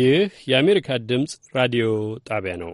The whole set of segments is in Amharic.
ይህ የአሜሪካ ድምፅ ራዲዮ ጣቢያ ነው።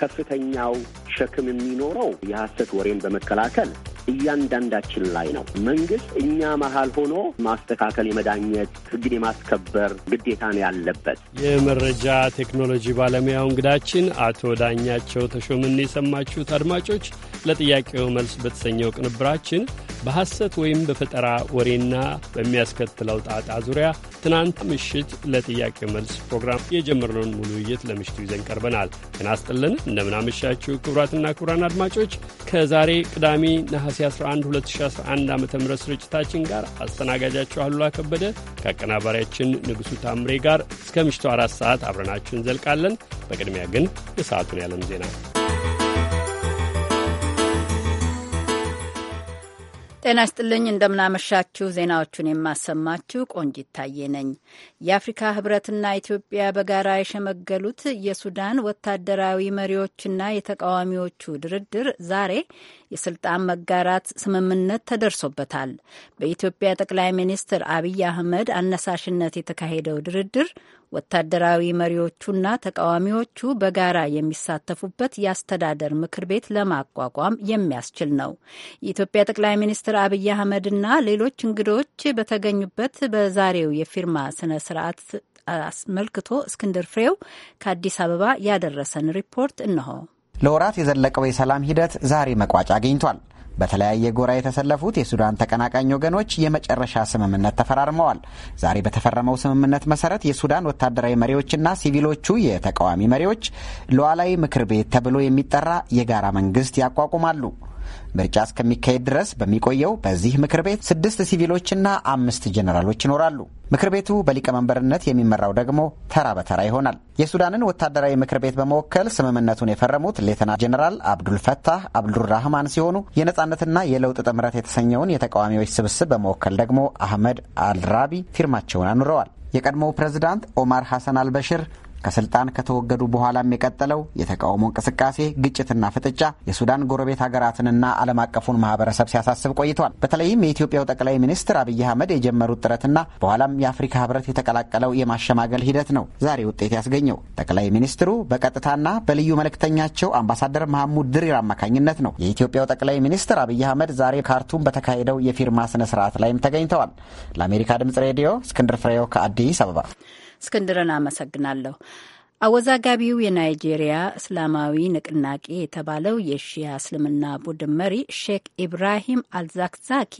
ከፍተኛው ሸክም የሚኖረው የሐሰት ወሬን በመከላከል እያንዳንዳችን ላይ ነው። መንግስት እኛ መሀል ሆኖ ማስተካከል፣ የመዳኘት ህግን የማስከበር ግዴታ ነው ያለበት። የመረጃ ቴክኖሎጂ ባለሙያው እንግዳችን አቶ ዳኛቸው ተሾምን የሰማችሁት። አድማጮች ለጥያቄው መልስ በተሰኘው ቅንብራችን በሐሰት ወይም በፈጠራ ወሬና በሚያስከትለው ጣጣ ዙሪያ ትናንት ምሽት ለጥያቄው መልስ ፕሮግራም የጀመርነውን ሙሉ ውይይት ለምሽቱ ይዘን ቀርበናል። ጤና ይስጥልን፣ እንደምናመሻችሁ ክቡራትና ክቡራን አድማጮች ከዛሬ ቅዳሜ ነሐሴ ከነሐሴ 11 2011 ዓ ም ስርጭታችን ጋር አስተናጋጃችሁ አሉላ ከበደ ከአቀናባሪያችን ንጉሡ ታምሬ ጋር እስከ ምሽቱ አራት ሰዓት አብረናችሁ እንዘልቃለን። በቅድሚያ ግን የሰዓቱን ያለም ዜና ጤና ይስጥልኝ። እንደምናመሻችሁ። ዜናዎቹን የማሰማችሁ ቆንጂት ታዬ ነኝ። የአፍሪካ ህብረትና ኢትዮጵያ በጋራ የሸመገሉት የሱዳን ወታደራዊ መሪዎችና የተቃዋሚዎቹ ድርድር ዛሬ የስልጣን መጋራት ስምምነት ተደርሶበታል። በኢትዮጵያ ጠቅላይ ሚኒስትር አብይ አህመድ አነሳሽነት የተካሄደው ድርድር ወታደራዊ መሪዎቹና ተቃዋሚዎቹ በጋራ የሚሳተፉበት የአስተዳደር ምክር ቤት ለማቋቋም የሚያስችል ነው። የኢትዮጵያ ጠቅላይ ሚኒስትር አብይ አህመድና ሌሎች እንግዶች በተገኙበት በዛሬው የፊርማ ስነ ስርዓት አስመልክቶ እስክንድር ፍሬው ከአዲስ አበባ ያደረሰን ሪፖርት እነሆ። ለወራት የዘለቀው የሰላም ሂደት ዛሬ መቋጫ አግኝቷል። በተለያየ ጎራ የተሰለፉት የሱዳን ተቀናቃኝ ወገኖች የመጨረሻ ስምምነት ተፈራርመዋል። ዛሬ በተፈረመው ስምምነት መሰረት የሱዳን ወታደራዊ መሪዎችና ሲቪሎቹ የተቃዋሚ መሪዎች ሉዓላዊ ምክር ቤት ተብሎ የሚጠራ የጋራ መንግስት ያቋቁማሉ። ምርጫ እስከሚካሄድ ድረስ በሚቆየው በዚህ ምክር ቤት ስድስት ሲቪሎችና አምስት ጀኔራሎች ይኖራሉ። ምክር ቤቱ በሊቀመንበርነት የሚመራው ደግሞ ተራ በተራ ይሆናል። የሱዳንን ወታደራዊ ምክር ቤት በመወከል ስምምነቱን የፈረሙት ሌተና ጀኔራል አብዱልፈታህ አብዱራህማን ሲሆኑ የነጻነትና የለውጥ ጥምረት የተሰኘውን የተቃዋሚዎች ስብስብ በመወከል ደግሞ አህመድ አልራቢ ፊርማቸውን አኑረዋል። የቀድሞው ፕሬዝዳንት ኦማር ሐሰን አልበሽር ከስልጣን ከተወገዱ በኋላም የቀጠለው የተቃውሞ እንቅስቃሴ ግጭትና ፍጥጫ የሱዳን ጎረቤት ሀገራትንና ዓለም አቀፉን ማህበረሰብ ሲያሳስብ ቆይቷል። በተለይም የኢትዮጵያው ጠቅላይ ሚኒስትር አብይ አህመድ የጀመሩት ጥረትና በኋላም የአፍሪካ ህብረት የተቀላቀለው የማሸማገል ሂደት ነው ዛሬ ውጤት ያስገኘው። ጠቅላይ ሚኒስትሩ በቀጥታና በልዩ መልእክተኛቸው አምባሳደር መሐሙድ ድሪር አማካኝነት ነው። የኢትዮጵያው ጠቅላይ ሚኒስትር አብይ አህመድ ዛሬ ካርቱም በተካሄደው የፊርማ ስነ ስርዓት ላይም ተገኝተዋል። ለአሜሪካ ድምጽ ሬዲዮ እስክንድር ፍሬው ከአዲስ አበባ እስክንድርን አመሰግናለሁ። አወዛጋቢው የናይጄሪያ እስላማዊ ንቅናቄ የተባለው የሺያ እስልምና ቡድን መሪ ሼክ ኢብራሂም አልዛክዛኪ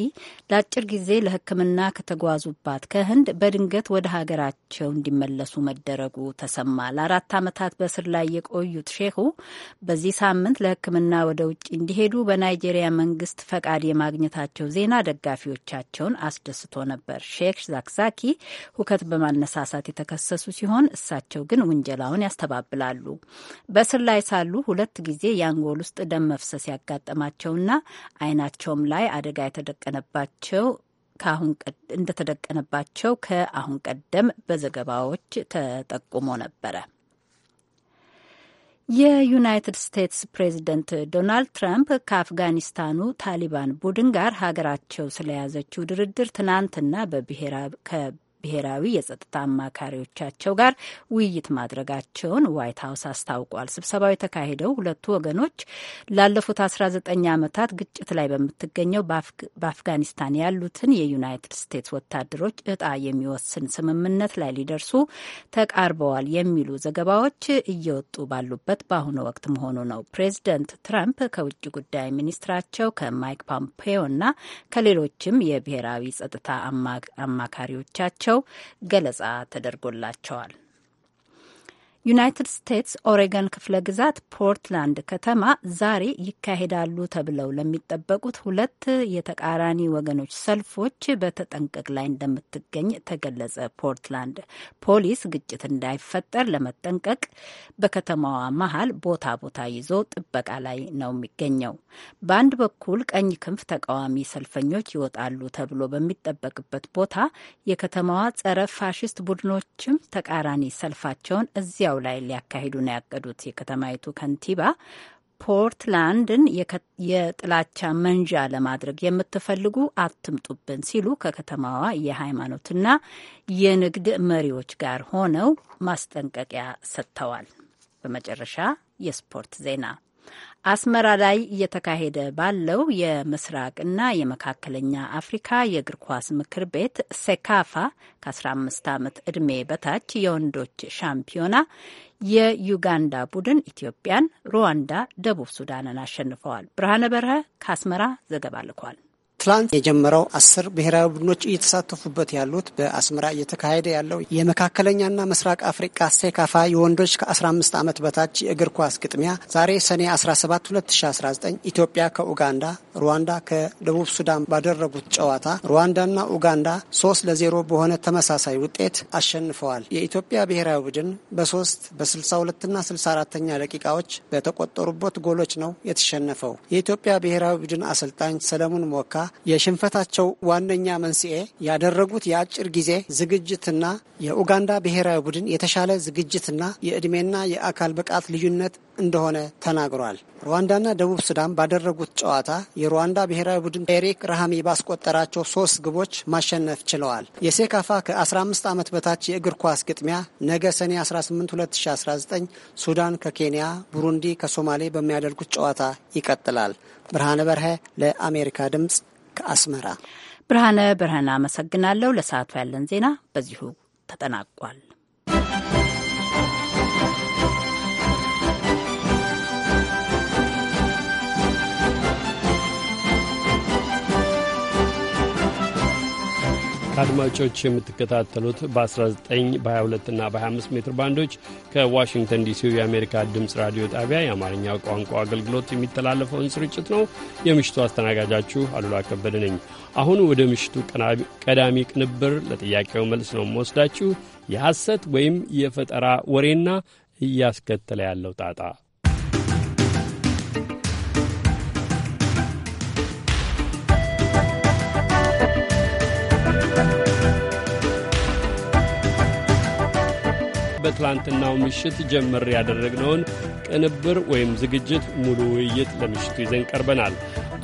ለአጭር ጊዜ ለሕክምና ከተጓዙባት ከህንድ በድንገት ወደ ሀገራቸው እንዲመለሱ መደረጉ ተሰማ። ለአራት ዓመታት በእስር ላይ የቆዩት ሼሁ በዚህ ሳምንት ለሕክምና ወደ ውጭ እንዲሄዱ በናይጄሪያ መንግስት ፈቃድ የማግኘታቸው ዜና ደጋፊዎቻቸውን አስደስቶ ነበር። ሼክ ዛክዛኪ ሁከት በማነሳሳት የተከሰሱ ሲሆን እሳቸው ግን ውንጀላ ሁኔታውን ያስተባብላሉ። በስር ላይ ሳሉ ሁለት ጊዜ የአንጎል ውስጥ ደም መፍሰስ ያጋጠማቸውና አይናቸውም ላይ አደጋ የተደቀነባቸው ከአሁን እንደተደቀነባቸው ከአሁን ቀደም በዘገባዎች ተጠቁሞ ነበረ። የዩናይትድ ስቴትስ ፕሬዝደንት ዶናልድ ትራምፕ ከአፍጋኒስታኑ ታሊባን ቡድን ጋር ሀገራቸው ስለያዘችው ድርድር ትናንትና ብሔራዊ የጸጥታ አማካሪዎቻቸው ጋር ውይይት ማድረጋቸውን ዋይት ሀውስ አስታውቋል። ስብሰባው የተካሄደው ሁለቱ ወገኖች ላለፉት 19 ዓመታት ግጭት ላይ በምትገኘው በአፍጋኒስታን ያሉትን የዩናይትድ ስቴትስ ወታደሮች እጣ የሚወስን ስምምነት ላይ ሊደርሱ ተቃርበዋል የሚሉ ዘገባዎች እየወጡ ባሉበት በአሁኑ ወቅት መሆኑ ነው። ፕሬዚደንት ትራምፕ ከውጭ ጉዳይ ሚኒስትራቸው ከማይክ ፖምፔዮ እና ከሌሎችም የብሔራዊ ጸጥታ አማካሪዎቻቸው መሆናቸው ገለጻ ተደርጎላቸዋል። ዩናይትድ ስቴትስ ኦሬገን ክፍለ ግዛት ፖርትላንድ ከተማ ዛሬ ይካሄዳሉ ተብለው ለሚጠበቁት ሁለት የተቃራኒ ወገኖች ሰልፎች በተጠንቀቅ ላይ እንደምትገኝ ተገለጸ። ፖርትላንድ ፖሊስ ግጭት እንዳይፈጠር ለመጠንቀቅ በከተማዋ መሀል ቦታ ቦታ ይዞ ጥበቃ ላይ ነው የሚገኘው። በአንድ በኩል ቀኝ ክንፍ ተቃዋሚ ሰልፈኞች ይወጣሉ ተብሎ በሚጠበቅበት ቦታ የከተማዋ ጸረ ፋሽስት ቡድኖችም ተቃራኒ ሰልፋቸውን እዚያ በዚያው ላይ ሊያካሂዱ ነው ያቀዱት። የከተማይቱ ከንቲባ ፖርትላንድን የጥላቻ መንዣ ለማድረግ የምትፈልጉ አትምጡብን ሲሉ ከከተማዋ የሃይማኖትና የንግድ መሪዎች ጋር ሆነው ማስጠንቀቂያ ሰጥተዋል። በመጨረሻ የስፖርት ዜና አስመራ ላይ እየተካሄደ ባለው የምስራቅና የመካከለኛ አፍሪካ የእግር ኳስ ምክር ቤት ሴካፋ ከ15 ዓመት ዕድሜ በታች የወንዶች ሻምፒዮና የዩጋንዳ ቡድን ኢትዮጵያን፣ ሩዋንዳ፣ ደቡብ ሱዳንን አሸንፈዋል። ብርሃነ በረሀ ከአስመራ ዘገባ ልኳል። ትላንት የጀመረው አስር ብሔራዊ ቡድኖች እየተሳተፉበት ያሉት በአስመራ እየተካሄደ ያለው የመካከለኛና ምስራቅ አፍሪቃ ሴካፋ የወንዶች ከ15 ዓመት በታች የእግር ኳስ ግጥሚያ ዛሬ ሰኔ 17 2019 ኢትዮጵያ ከኡጋንዳ፣ ሩዋንዳ ከደቡብ ሱዳን ባደረጉት ጨዋታ ሩዋንዳና ኡጋንዳ 3 ለዜሮ በሆነ ተመሳሳይ ውጤት አሸንፈዋል። የኢትዮጵያ ብሔራዊ ቡድን በ3 በ62ና 64ኛ ደቂቃዎች በተቆጠሩበት ጎሎች ነው የተሸነፈው። የኢትዮጵያ ብሔራዊ ቡድን አሰልጣኝ ሰለሞን ሞካ የሽንፈታቸው ዋነኛ መንስኤ ያደረጉት የአጭር ጊዜ ዝግጅትና የኡጋንዳ ብሔራዊ ቡድን የተሻለ ዝግጅትና የዕድሜና የአካል ብቃት ልዩነት እንደሆነ ተናግሯል። ሩዋንዳና ደቡብ ሱዳን ባደረጉት ጨዋታ የሩዋንዳ ብሔራዊ ቡድን ኤሪክ ረሃሚ ባስቆጠራቸው ሶስት ግቦች ማሸነፍ ችለዋል። የሴካፋ ከ15 ዓመት በታች የእግር ኳስ ግጥሚያ ነገ ሰኔ 18 2019 ሱዳን ከኬንያ፣ ቡሩንዲ ከሶማሌ በሚያደርጉት ጨዋታ ይቀጥላል። ብርሃነ በርሀ ለአሜሪካ ድምፅ ከአስመራ ብርሃነ ብርሃን አመሰግናለሁ። ለሰዓቱ ያለን ዜና በዚሁ ተጠናቋል። አድማጮች የምትከታተሉት በ19 በ22ና በ25 ሜትር ባንዶች ከዋሽንግተን ዲሲው የአሜሪካ ድምፅ ራዲዮ ጣቢያ የአማርኛ ቋንቋ አገልግሎት የሚተላለፈውን ስርጭት ነው። የምሽቱ አስተናጋጃችሁ አሉላ ከበደ ነኝ። አሁን ወደ ምሽቱ ቀዳሚ ቅንብር ለጥያቄው መልስ ነው የምወስዳችሁ። የሐሰት ወይም የፈጠራ ወሬና እያስከተለ ያለው ጣጣ በትላንትናው ምሽት ጀምር ያደረግነውን ቅንብር ወይም ዝግጅት ሙሉ ውይይት ለምሽቱ ይዘን ቀርበናል።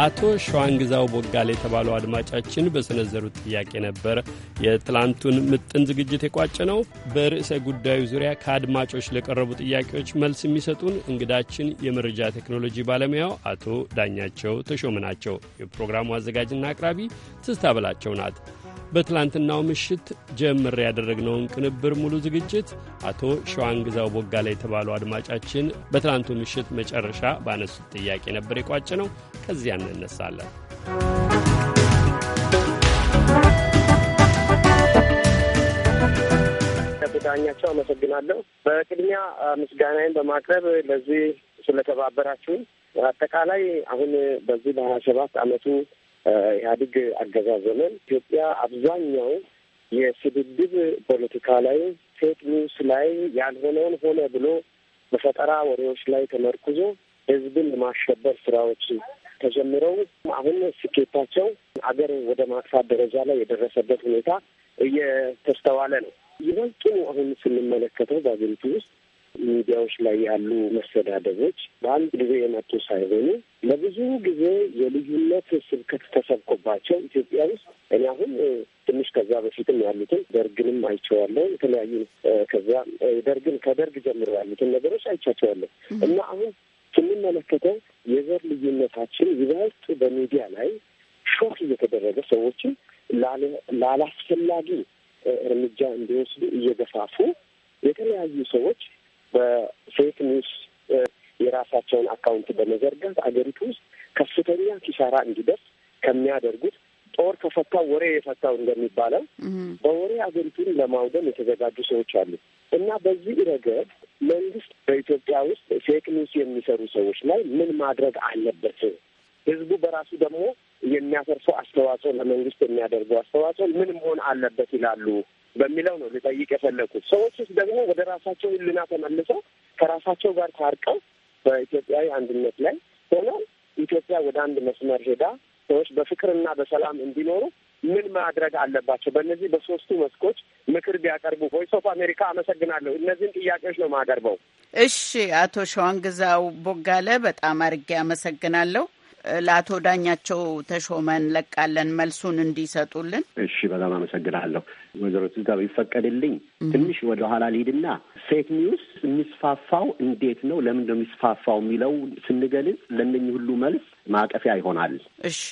አቶ ሸዋንግዛው ቦጋል የተባለው አድማጫችን በሰነዘሩት ጥያቄ ነበር የትላንቱን ምጥን ዝግጅት የቋጨ ነው። በርዕሰ ጉዳዩ ዙሪያ ከአድማጮች ለቀረቡ ጥያቄዎች መልስ የሚሰጡን እንግዳችን የመረጃ ቴክኖሎጂ ባለሙያው አቶ ዳኛቸው ተሾመ ናቸው። የፕሮግራሙ አዘጋጅና አቅራቢ ትስታ በላቸው ናት። በትላንትናው ምሽት ጀምር ያደረግነውን ቅንብር ሙሉ ዝግጅት አቶ ሸዋንግዛው ላይ የተባሉ አድማጫችን በትላንቱ ምሽት መጨረሻ ባነሱት ጥያቄ ነበር የቋጭ ነው። ከዚያ እንነሳለን። ዳኛቸው አመሰግናለሁ። በቅድሚያ ምስጋናዬን በማቅረብ ለዚህ ስለተባበራችሁ አጠቃላይ አሁን በዚህ በሀያ ሰባት አመቱ ኢህአዴግ አገዛዝ ዘመን ኢትዮጵያ አብዛኛው የስድድብ ፖለቲካ ላይ ፌክ ኒውስ ላይ ያልሆነውን ሆነ ብሎ በፈጠራ ወሬዎች ላይ ተመርኩዞ ህዝብን ለማሸበር ስራዎች ተጀምረው አሁን ስኬታቸው አገር ወደ ማጥፋት ደረጃ ላይ የደረሰበት ሁኔታ እየተስተዋለ ነው። ይበልጡ አሁን ስንመለከተው በአገሪቱ ውስጥ ሚዲያዎች ላይ ያሉ መሰዳደቦች በአንድ ጊዜ የመጡ ሳይሆኑ ለብዙ ጊዜ የልዩነት ስብከት ተሰብኮባቸው ኢትዮጵያ ውስጥ እኔ አሁን ትንሽ ከዛ በፊትም ያሉትን ደርግንም አይቼዋለሁ። የተለያዩ ከዛ ደርግን ከደርግ ጀምሮ ያሉትን ነገሮች አይቻቸዋለሁ እና አሁን ስንመለከተው የዘር ልዩነታችን ይበልጥ በሚዲያ ላይ ሾክ እየተደረገ ሰዎችን ላላስፈላጊ እርምጃ እንዲወስዱ እየገፋፉ የተለያዩ ሰዎች በፌክ ኒውስ የራሳቸውን አካውንት በመዘርጋት አገሪቱ ውስጥ ከፍተኛ ኪሳራ እንዲደርስ ከሚያደርጉት ጦር ከፈታው ወሬ የፈታው እንደሚባለው በወሬ አገሪቱን ለማውደም የተዘጋጁ ሰዎች አሉ እና በዚህ ረገድ መንግስት በኢትዮጵያ ውስጥ ፌክ ኒውስ የሚሰሩ ሰዎች ላይ ምን ማድረግ አለበት? ህዝቡ በራሱ ደግሞ የሚያፈርሰው አስተዋጽኦ፣ ለመንግስት የሚያደርገው አስተዋጽኦ ምን መሆን አለበት ይላሉ በሚለው ነው ልጠይቅ የፈለኩት። ውስጥ ደግሞ ወደ ራሳቸው ህልና ተመልሰው ከራሳቸው ጋር ታርቀው በኢትዮጵያዊ አንድነት ላይ ሆነው ኢትዮጵያ ወደ አንድ መስመር ሄዳ ሰዎች በፍቅርና በሰላም እንዲኖሩ ምን ማድረግ አለባቸው? በእነዚህ በሶስቱ መስኮች ምክር ቢያቀርቡ። ቮይስ ኦፍ አሜሪካ አመሰግናለሁ። እነዚህን ጥያቄዎች ነው የማቀርበው። እሺ፣ አቶ ሸዋንግዛው ቦጋለ በጣም አድርጌ አመሰግናለሁ። ለአቶ ዳኛቸው ተሾመ እንለቃለን መልሱን እንዲሰጡልን። እሺ፣ በጣም አመሰግናለሁ። ወይዘሮ ትዝታ ይፈቀድልኝ ትንሽ ወደኋላ ልሂድና ፌክ ኒውስ የሚስፋፋው እንዴት ነው? ለምን ነው የሚስፋፋው የሚለው ስንገልጽ ለእነኝህ ሁሉ መልስ ማቀፊያ ይሆናል። እሺ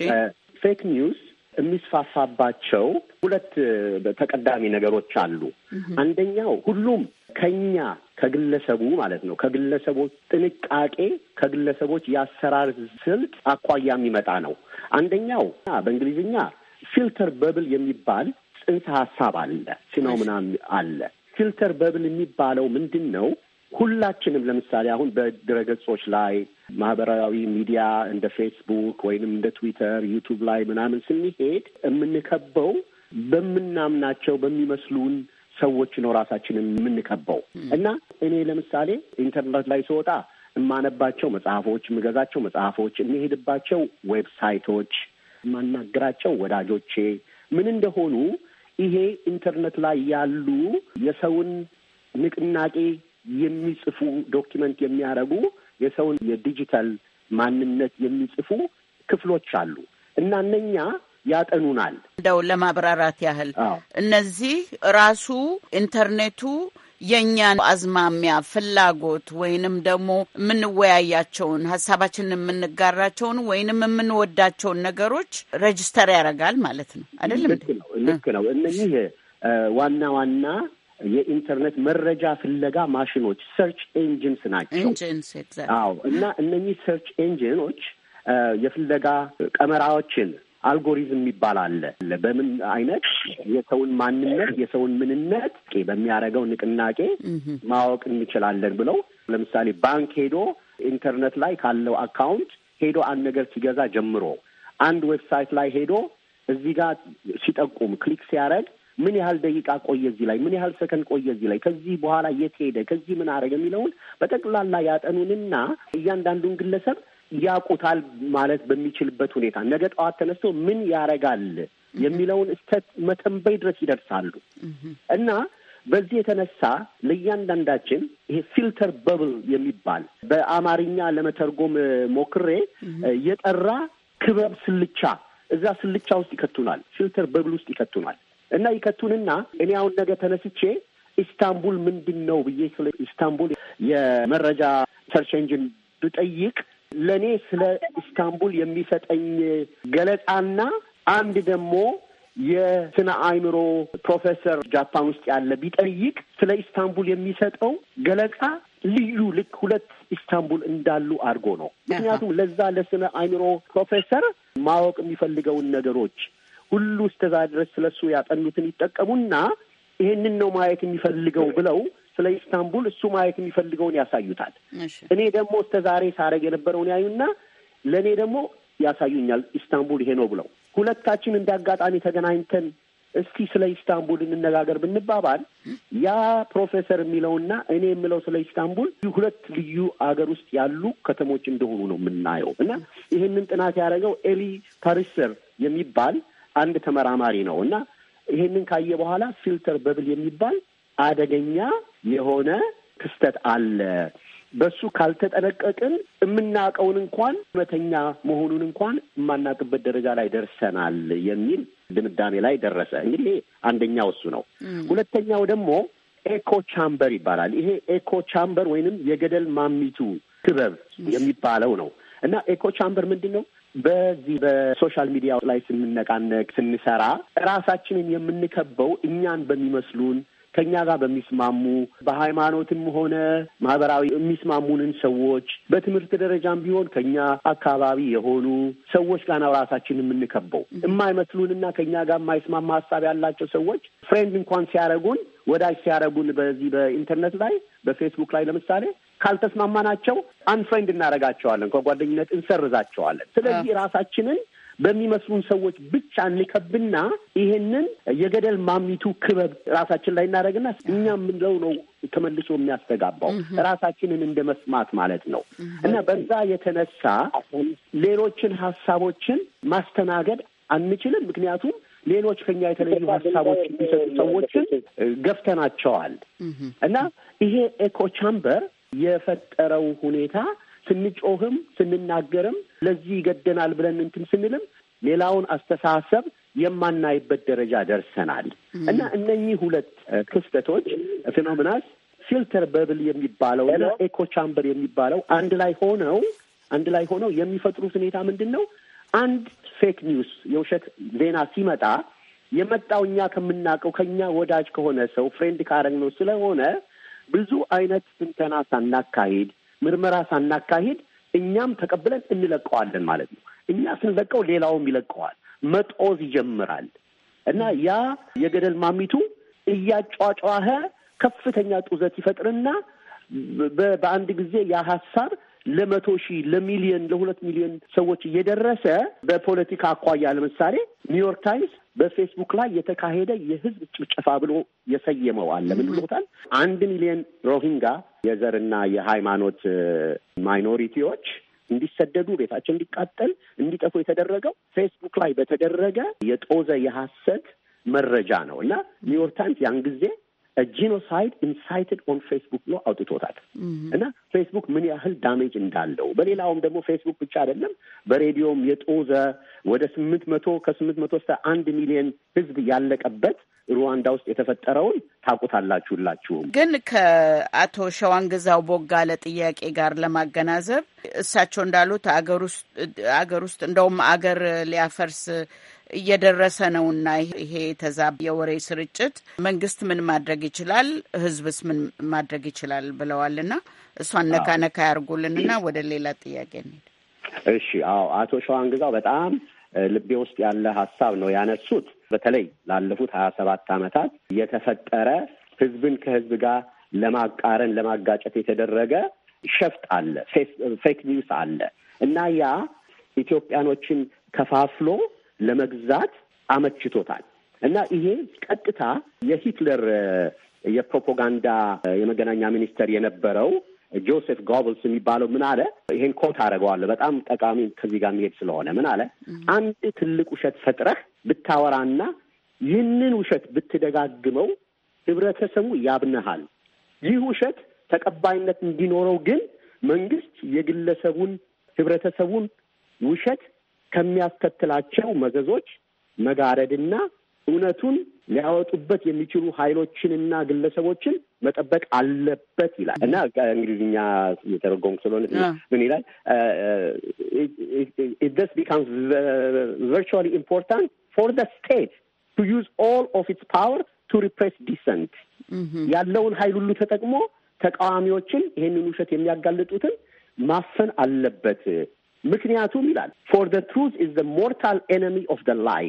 ፌክ ኒውስ የሚስፋፋባቸው ሁለት ተቀዳሚ ነገሮች አሉ። አንደኛው ሁሉም ከኛ ከግለሰቡ ማለት ነው ከግለሰቦች ጥንቃቄ፣ ከግለሰቦች የአሰራር ስልት አኳያ የሚመጣ ነው። አንደኛው በእንግሊዝኛ ፊልተር በብል የሚባል ጽንሰ ሀሳብ አለ፣ ፊኖምናን አለ። ፊልተር በብል የሚባለው ምንድን ነው? ሁላችንም ለምሳሌ አሁን በድረገጾች ላይ ማህበራዊ ሚዲያ እንደ ፌስቡክ ወይንም እንደ ትዊተር፣ ዩቱብ ላይ ምናምን ስንሄድ የምንከበው በምናምናቸው በሚመስሉን ሰዎች ነው ራሳችንን የምንከበው እና እኔ ለምሳሌ ኢንተርኔት ላይ ስወጣ የማነባቸው መጽሐፎች፣ የምገዛቸው መጽሐፎች፣ የሚሄድባቸው ዌብሳይቶች፣ የማናግራቸው ወዳጆቼ ምን እንደሆኑ ይሄ ኢንተርኔት ላይ ያሉ የሰውን ንቅናቄ የሚጽፉ ዶኪመንት የሚያደርጉ የሰውን የዲጂታል ማንነት የሚጽፉ ክፍሎች አሉ እና እነኛ ያጠኑናል። እንደው ለማብራራት ያህል እነዚህ ራሱ ኢንተርኔቱ የእኛን አዝማሚያ፣ ፍላጎት ወይንም ደግሞ የምንወያያቸውን ሀሳባችንን የምንጋራቸውን ወይንም የምንወዳቸውን ነገሮች ረጅስተር ያደርጋል ማለት ነው። አይደለም? ልክ ነው። እነዚህ ዋና ዋና የኢንተርኔት መረጃ ፍለጋ ማሽኖች ሰርች ኤንጂንስ ናቸው። አዎ። እና እነኚህ ሰርች ኤንጂኖች የፍለጋ ቀመራዎችን አልጎሪዝም የሚባል አለ። በምን አይነት የሰውን ማንነት የሰውን ምንነት በሚያደርገው ንቅናቄ ማወቅ እንችላለን ብለው ለምሳሌ ባንክ ሄዶ ኢንተርኔት ላይ ካለው አካውንት ሄዶ አንድ ነገር ሲገዛ ጀምሮ አንድ ዌብሳይት ላይ ሄዶ እዚህ ጋር ሲጠቁም ክሊክ ሲያደርግ ምን ያህል ደቂቃ ቆየ እዚህ ላይ፣ ምን ያህል ሰከንድ ቆየ እዚህ ላይ፣ ከዚህ በኋላ የት ሄደ፣ ከዚህ ምን አደረገ የሚለውን በጠቅላላ ያጠኑንና እያንዳንዱን ግለሰብ ያውቁታል ማለት በሚችልበት ሁኔታ ነገ ጠዋት ተነስቶ ምን ያረጋል የሚለውን እስከ መተንበይ ድረስ ይደርሳሉ እና በዚህ የተነሳ ለእያንዳንዳችን ይሄ ፊልተር በብል የሚባል በአማርኛ ለመተርጎም ሞክሬ የጠራ ክበብ ስልቻ እዛ ስልቻ ውስጥ ይከቱናል። ፊልተር በብል ውስጥ ይከቱናል እና ይከቱንና እኔ አሁን ነገ ተነስቼ ኢስታንቡል ምንድን ነው ብዬ ስለ ኢስታንቡል የመረጃ ሰርች ኤንጂን ብጠይቅ ለእኔ ስለ ኢስታንቡል የሚሰጠኝ ገለጻና አንድ ደግሞ የስነ አእምሮ ፕሮፌሰር ጃፓን ውስጥ ያለ ቢጠይቅ ስለ ኢስታንቡል የሚሰጠው ገለጻ ልዩ ልክ ሁለት ኢስታንቡል እንዳሉ አድርጎ ነው። ምክንያቱም ለዛ ለስነ አእምሮ ፕሮፌሰር ማወቅ የሚፈልገውን ነገሮች ሁሉ እስከዛ ድረስ ስለሱ ያጠኑትን ይጠቀሙና ይሄንን ነው ማየት የሚፈልገው ብለው ስለ ኢስታንቡል እሱ ማየት የሚፈልገውን ያሳዩታል። እኔ ደግሞ እስከ ዛሬ ሳረግ የነበረውን ያዩና ለእኔ ደግሞ ያሳዩኛል። ኢስታንቡል ይሄ ነው ብለው ሁለታችን እንደ አጋጣሚ ተገናኝተን እስቲ ስለ ኢስታንቡል እንነጋገር ብንባባል ያ ፕሮፌሰር የሚለውና እኔ የምለው ስለ ኢስታንቡል ሁለት ልዩ አገር ውስጥ ያሉ ከተሞች እንደሆኑ ነው የምናየው እና ይህንን ጥናት ያደረገው ኤሊ ፓሪሰር የሚባል አንድ ተመራማሪ ነው እና ይሄንን ካየ በኋላ ፊልተር በብል የሚባል አደገኛ የሆነ ክስተት አለ። በሱ ካልተጠነቀቅን የምናውቀውን እንኳን እውነተኛ መሆኑን እንኳን የማናውቅበት ደረጃ ላይ ደርሰናል የሚል ድምዳሜ ላይ ደረሰ። እንግዲህ ይሄ አንደኛው እሱ ነው። ሁለተኛው ደግሞ ኤኮ ቻምበር ይባላል። ይሄ ኤኮ ቻምበር ወይንም የገደል ማሚቱ ክበብ የሚባለው ነው እና ኤኮ ቻምበር ምንድን ነው? በዚህ በሶሻል ሚዲያ ላይ ስንነቃነቅ፣ ስንሰራ ራሳችንን የምንከበው እኛን በሚመስሉን ከኛ ጋር በሚስማሙ በሃይማኖትም ሆነ ማህበራዊ የሚስማሙንን ሰዎች በትምህርት ደረጃም ቢሆን ከኛ አካባቢ የሆኑ ሰዎች ጋር ነው ራሳችን የምንከበው። የማይመስሉንና ከኛ ጋር የማይስማማ ሀሳብ ያላቸው ሰዎች ፍሬንድ እንኳን ሲያደርጉን ወዳጅ ሲያደርጉን በዚህ በኢንተርኔት ላይ በፌስቡክ ላይ ለምሳሌ ካልተስማማናቸው አንፍሬንድ እናደርጋቸዋለን፣ ከጓደኝነት እንሰርዛቸዋለን። ስለዚህ ራሳችንን በሚመስሉን ሰዎች ብቻ እንከብና ይሄንን የገደል ማሚቱ ክበብ ራሳችን ላይ እናደረግና እኛ የምንለው ነው ተመልሶ የሚያስተጋባው ራሳችንን እንደ መስማት ማለት ነው። እና በዛ የተነሳ ሌሎችን ሀሳቦችን ማስተናገድ አንችልም። ምክንያቱም ሌሎች ከኛ የተለዩ ሀሳቦች የሚሰጡ ሰዎችን ገፍተናቸዋል እና ይሄ ኤኮ ቻምበር የፈጠረው ሁኔታ ስንጮህም ስንናገርም ለዚህ ይገደናል ብለን እንትን ስንልም ሌላውን አስተሳሰብ የማናይበት ደረጃ ደርሰናል እና እነኚህ ሁለት ክስተቶች ፌኖምናስ ፊልተር በብል የሚባለው እና ኤኮ ቻምበር የሚባለው አንድ ላይ ሆነው አንድ ላይ ሆነው የሚፈጥሩት ሁኔታ ምንድን ነው? አንድ ፌክ ኒውስ የውሸት ዜና ሲመጣ የመጣው እኛ ከምናውቀው ከኛ ወዳጅ ከሆነ ሰው ፍሬንድ ካረግ ነው ስለሆነ ብዙ አይነት ትንተና ሳናካሄድ ምርመራ ሳናካሂድ እኛም ተቀብለን እንለቀዋለን ማለት ነው። እኛ ስንለቀው ሌላውም ይለቀዋል፣ መጦዝ ይጀምራል እና ያ የገደል ማሚቱ እያጫጫኸ ከፍተኛ ጡዘት ይፈጥርና በአንድ ጊዜ ያ ሀሳብ ለመቶ ሺህ ለሚሊዮን ለሁለት ሚሊዮን ሰዎች እየደረሰ በፖለቲካ አኳያ ለምሳሌ ኒውዮርክ ታይምስ በፌስቡክ ላይ የተካሄደ የህዝብ ጭፍጨፋ ብሎ የሰየመው አለ። ምን ብሎታል? አንድ ሚሊዮን ሮሂንጋ የዘርና የሃይማኖት ማይኖሪቲዎች እንዲሰደዱ ቤታቸው እንዲቃጠል እንዲጠፉ የተደረገው ፌስቡክ ላይ በተደረገ የጦዘ የሐሰት መረጃ ነው እና ኒውዮርክ ታይምስ ያን ጊዜ ጂኖሳይድ ኢንሳይትድ ኦን ፌስቡክ ብሎ አውጥቶታል እና ፌስቡክ ምን ያህል ዳሜጅ እንዳለው በሌላውም ደግሞ ፌስቡክ ብቻ አይደለም፣ በሬዲዮም የጦዘ ወደ ስምንት መቶ ከስምንት መቶ እስከ አንድ ሚሊዮን ህዝብ ያለቀበት ሩዋንዳ ውስጥ የተፈጠረውን ታውቁታላችሁላችሁም። ግን ከአቶ ሸዋንግዛው ቦጋለ ጥያቄ ጋር ለማገናዘብ እሳቸው እንዳሉት አገር ውስጥ አገር ውስጥ እንደውም አገር ሊያፈርስ እየደረሰ ነውና ይሄ የተዛባ የወሬ ስርጭት መንግስት ምን ማድረግ ይችላል፣ ህዝብስ ምን ማድረግ ይችላል ብለዋልና እሷን ነካ ነካ ያርጉልንና ወደ ሌላ ጥያቄ እንሂድ። እሺ፣ አዎ፣ አቶ ሸዋን ግዛው በጣም ልቤ ውስጥ ያለ ሀሳብ ነው ያነሱት። በተለይ ላለፉት ሀያ ሰባት ዓመታት የተፈጠረ ህዝብን ከህዝብ ጋር ለማቃረን ለማጋጨት የተደረገ ሸፍጥ አለ፣ ፌክ ኒውስ አለ እና ያ ኢትዮጵያኖችን ከፋፍሎ ለመግዛት አመችቶታል እና ይሄ ቀጥታ የሂትለር የፕሮፓጋንዳ የመገናኛ ሚኒስተር የነበረው ጆሴፍ ጎብልስ የሚባለው ምን አለ? ይሄን ኮት አደረገዋለሁ በጣም ጠቃሚ ከዚህ ጋር የሚሄድ ስለሆነ ምን አለ? አንድ ትልቅ ውሸት ፈጥረህ ብታወራና ይህንን ውሸት ብትደጋግመው ህብረተሰቡ ያብነሃል። ይህ ውሸት ተቀባይነት እንዲኖረው ግን መንግስት የግለሰቡን ህብረተሰቡን ውሸት ከሚያስከትላቸው መዘዞች መጋረድና እውነቱን ሊያወጡበት የሚችሉ ኃይሎችንና ግለሰቦችን መጠበቅ አለበት ይላል እና እንግሊዝኛ የተረጎም ስለሆነ ምን ይላል ስ ቢካምስ ቨርቹዋሊ ኢምፖርታንት ፎር ደ ስቴት ቱ ዩዝ ኦል ኦፍ ኢትስ ፓወር ቱ ሪፕሬስ ዲሰንት ያለውን ኃይል ሁሉ ተጠቅሞ ተቃዋሚዎችን ይህንን ውሸት የሚያጋልጡትን ማፈን አለበት ምክንያቱም ይላል ፎር ዘ ትሩዝ ኢዝ ሞርታል ኤነሚ ኦፍ ደ ላይ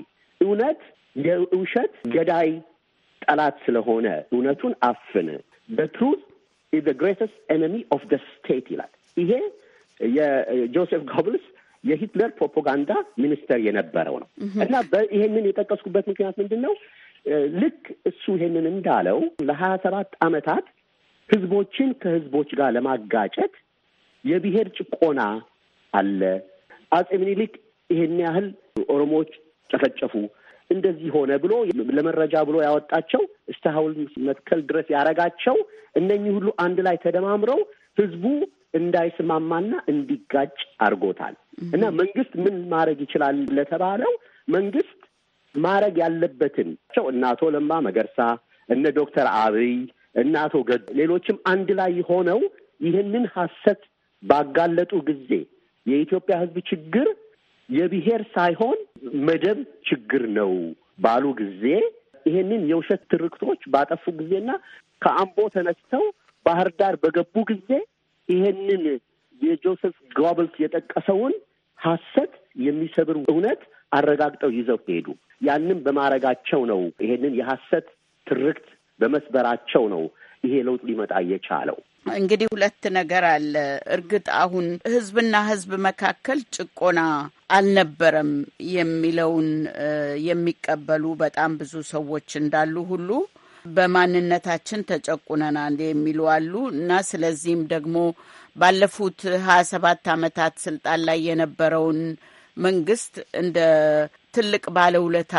እውነት የውሸት ገዳይ ጠላት ስለሆነ እውነቱን አፍን። በትሩዝ ኢዝ ግሬተስት ኤነሚ ኦፍ ደ ስቴት ይላል። ይሄ የጆሴፍ ጎብልስ የሂትለር ፕሮፓጋንዳ ሚኒስተር የነበረው ነው እና ይሄንን የጠቀስኩበት ምክንያት ምንድን ነው? ልክ እሱ ይሄንን እንዳለው ለሀያ ሰባት አመታት ህዝቦችን ከህዝቦች ጋር ለማጋጨት የብሔር ጭቆና አለ። አጼ ምኒልክ ይሄን ያህል ኦሮሞዎች ጨፈጨፉ እንደዚህ ሆነ ብሎ ለመረጃ ብሎ ያወጣቸው እስከ ሐውልት መትከል ድረስ ያረጋቸው እነኚህ ሁሉ አንድ ላይ ተደማምረው ህዝቡ እንዳይስማማና እንዲጋጭ አድርጎታል። እና መንግስት ምን ማድረግ ይችላል ለተባለው መንግስት ማድረግ ያለበትን እነ አቶ ለማ መገርሳ እነ ዶክተር አብይ እነ አቶ ገዱ ሌሎችም አንድ ላይ ሆነው ይህንን ሀሰት ባጋለጡ ጊዜ የኢትዮጵያ ሕዝብ ችግር የብሔር ሳይሆን መደብ ችግር ነው ባሉ ጊዜ ይሄንን የውሸት ትርክቶች ባጠፉ ጊዜና ከአምቦ ተነስተው ባህር ዳር በገቡ ጊዜ ይሄንን የጆሴፍ ጎብልስ የጠቀሰውን ሐሰት የሚሰብር እውነት አረጋግጠው ይዘው ሄዱ። ያንም በማድረጋቸው ነው ይሄንን የሐሰት ትርክት በመስበራቸው ነው ይሄ ለውጥ ሊመጣ የቻለው። እንግዲህ ሁለት ነገር አለ። እርግጥ አሁን ህዝብና ህዝብ መካከል ጭቆና አልነበረም የሚለውን የሚቀበሉ በጣም ብዙ ሰዎች እንዳሉ ሁሉ በማንነታችን ተጨቁነናል የሚሉ አሉ እና ስለዚህም ደግሞ ባለፉት ሀያ ሰባት ዓመታት ስልጣን ላይ የነበረውን መንግስት እንደ ትልቅ ባለውለታ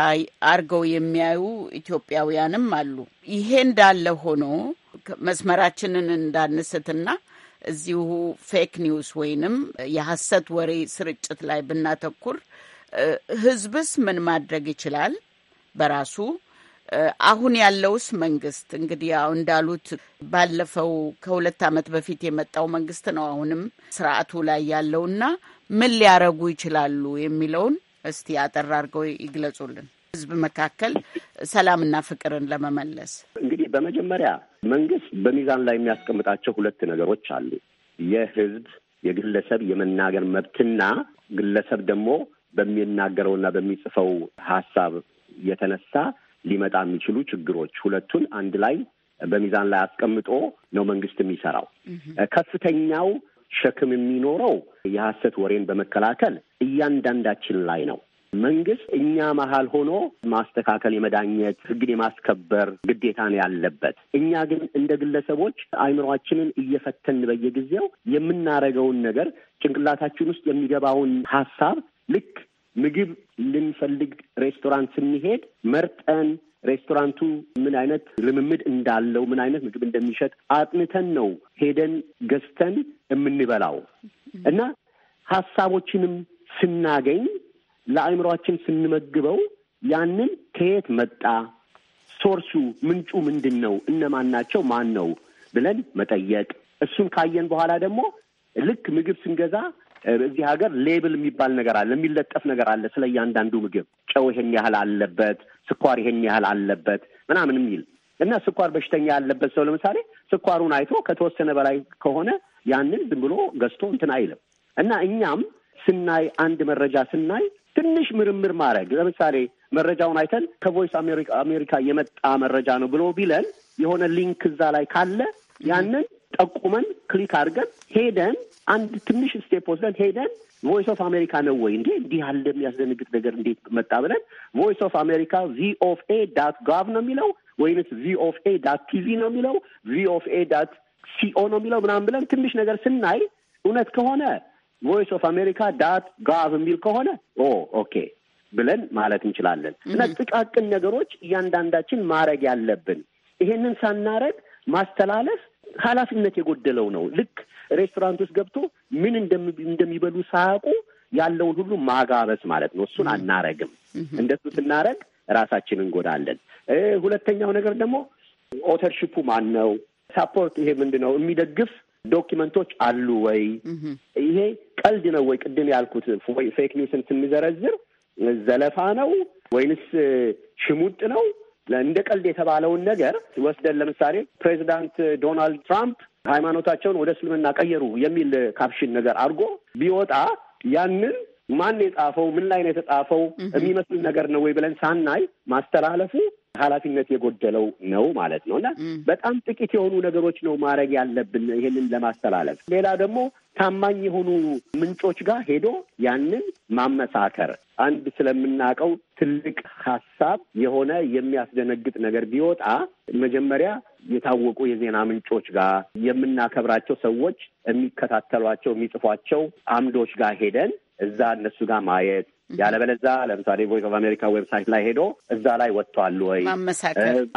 አርገው የሚያዩ ኢትዮጵያውያንም አሉ። ይሄ እንዳለ ሆኖ መስመራችንን እንዳንስትና እዚሁ ፌክ ኒውስ ወይንም የሐሰት ወሬ ስርጭት ላይ ብናተኩር፣ ህዝብስ ምን ማድረግ ይችላል? በራሱ አሁን ያለውስ መንግስት እንግዲህ ያው እንዳሉት ባለፈው ከሁለት ዓመት በፊት የመጣው መንግስት ነው አሁንም ስርዓቱ ላይ ያለውና ምን ሊያረጉ ይችላሉ የሚለውን እስቲ አጠር አድርገው ይግለጹልን። ህዝብ መካከል ሰላምና ፍቅርን ለመመለስ እንግዲህ በመጀመሪያ መንግስት በሚዛን ላይ የሚያስቀምጣቸው ሁለት ነገሮች አሉ። የህዝብ የግለሰብ የመናገር መብትና ግለሰብ ደግሞ በሚናገረውና በሚጽፈው ሀሳብ የተነሳ ሊመጣ የሚችሉ ችግሮች ሁለቱን አንድ ላይ በሚዛን ላይ አስቀምጦ ነው መንግስት የሚሰራው። ከፍተኛው ሸክም የሚኖረው የሀሰት ወሬን በመከላከል እያንዳንዳችን ላይ ነው። መንግስት እኛ መሀል ሆኖ ማስተካከል የመዳኘት ህግን የማስከበር ግዴታ ነው ያለበት። እኛ ግን እንደ ግለሰቦች አይምሯችንን እየፈተን በየጊዜው የምናደርገውን ነገር ጭንቅላታችን ውስጥ የሚገባውን ሀሳብ ልክ ምግብ ልንፈልግ ሬስቶራንት ስንሄድ መርጠን ሬስቶራንቱ ምን አይነት ልምምድ እንዳለው ምን አይነት ምግብ እንደሚሸጥ አጥንተን ነው ሄደን ገዝተን የምንበላው እና ሀሳቦችንም ስናገኝ ለአእምሯችን ስንመግበው ያንን ከየት መጣ፣ ሶርሱ ምንጩ ምንድን ነው፣ እነማን ናቸው፣ ማን ነው ብለን መጠየቅ። እሱን ካየን በኋላ ደግሞ ልክ ምግብ ስንገዛ እዚህ ሀገር ሌብል የሚባል ነገር አለ፣ የሚለጠፍ ነገር አለ። ስለ እያንዳንዱ ምግብ ጨው ይሄን ያህል አለበት፣ ስኳር ይሄን ያህል አለበት ምናምን የሚል እና ስኳር በሽተኛ ያለበት ሰው ለምሳሌ ስኳሩን አይቶ ከተወሰነ በላይ ከሆነ ያንን ዝም ብሎ ገዝቶ እንትን አይልም። እና እኛም ስናይ አንድ መረጃ ስናይ ትንሽ ምርምር ማድረግ ለምሳሌ መረጃውን አይተን ከቮይስ አሜሪካ የመጣ መረጃ ነው ብሎ ቢለን የሆነ ሊንክ እዛ ላይ ካለ ያንን ጠቁመን ክሊክ አድርገን ሄደን አንድ ትንሽ ስቴፕ ወስደን ሄደን ቮይስ ኦፍ አሜሪካ ነው ወይ እንዴ እንዲህ ያለ የሚያስደነግጥ ነገር እንዴት መጣ ብለን ቮይስ ኦፍ አሜሪካ ቪኦኤ ዳት ጋቭ ነው የሚለው ወይንስ ቪኦኤ ዳት ቲቪ ነው የሚለው ቪኦኤ ዳት ሲኦ ነው የሚለው ምናምን ብለን ትንሽ ነገር ስናይ እውነት ከሆነ ቮይስ ኦፍ አሜሪካ ዳት ጋቭ የሚል ከሆነ ኦ ኦኬ ብለን ማለት እንችላለን። እና ጥቃቅን ነገሮች እያንዳንዳችን ማድረግ ያለብን ይሄንን ሳናረግ ማስተላለፍ ኃላፊነት የጎደለው ነው። ልክ ሬስቶራንት ውስጥ ገብቶ ምን እንደሚበሉ ሳያውቁ ያለውን ሁሉ ማጋበስ ማለት ነው። እሱን አናረግም። እንደሱ ስናረግ ራሳችን እንጎዳለን። ሁለተኛው ነገር ደግሞ ኦተርሽፑ ማን ነው? ሳፖርት ይሄ ምንድን ነው የሚደግፍ ዶኪመንቶች አሉ ወይ? ይሄ ቀልድ ነው ወይ? ቅድም ያልኩት ፌክ ኒውስን ስንዘረዝር ዘለፋ ነው ወይንስ ሽሙጥ ነው? እንደ ቀልድ የተባለውን ነገር ወስደን ለምሳሌ ፕሬዚዳንት ዶናልድ ትራምፕ ሃይማኖታቸውን ወደ እስልምና ቀየሩ የሚል ካፕሽን ነገር አድርጎ ቢወጣ ያንን ማን የጻፈው ምን ላይ ነው የተጻፈው የሚመስል ነገር ነው ወይ ብለን ሳናይ ማስተላለፉ ኃላፊነት የጎደለው ነው ማለት ነው እና በጣም ጥቂት የሆኑ ነገሮች ነው ማድረግ ያለብን ይህንን ለማስተላለፍ። ሌላ ደግሞ ታማኝ የሆኑ ምንጮች ጋር ሄዶ ያንን ማመሳከር አንድ ስለምናውቀው ትልቅ ሀሳብ የሆነ የሚያስደነግጥ ነገር ቢወጣ መጀመሪያ የታወቁ የዜና ምንጮች ጋር የምናከብራቸው ሰዎች የሚከታተሏቸው የሚጽፏቸው አምዶች ጋር ሄደን እዛ እነሱ ጋር ማየት ያለበለዛ ለምሳሌ ቮይስ ኦፍ አሜሪካ ዌብሳይት ላይ ሄዶ እዛ ላይ ወጥቷል ወይ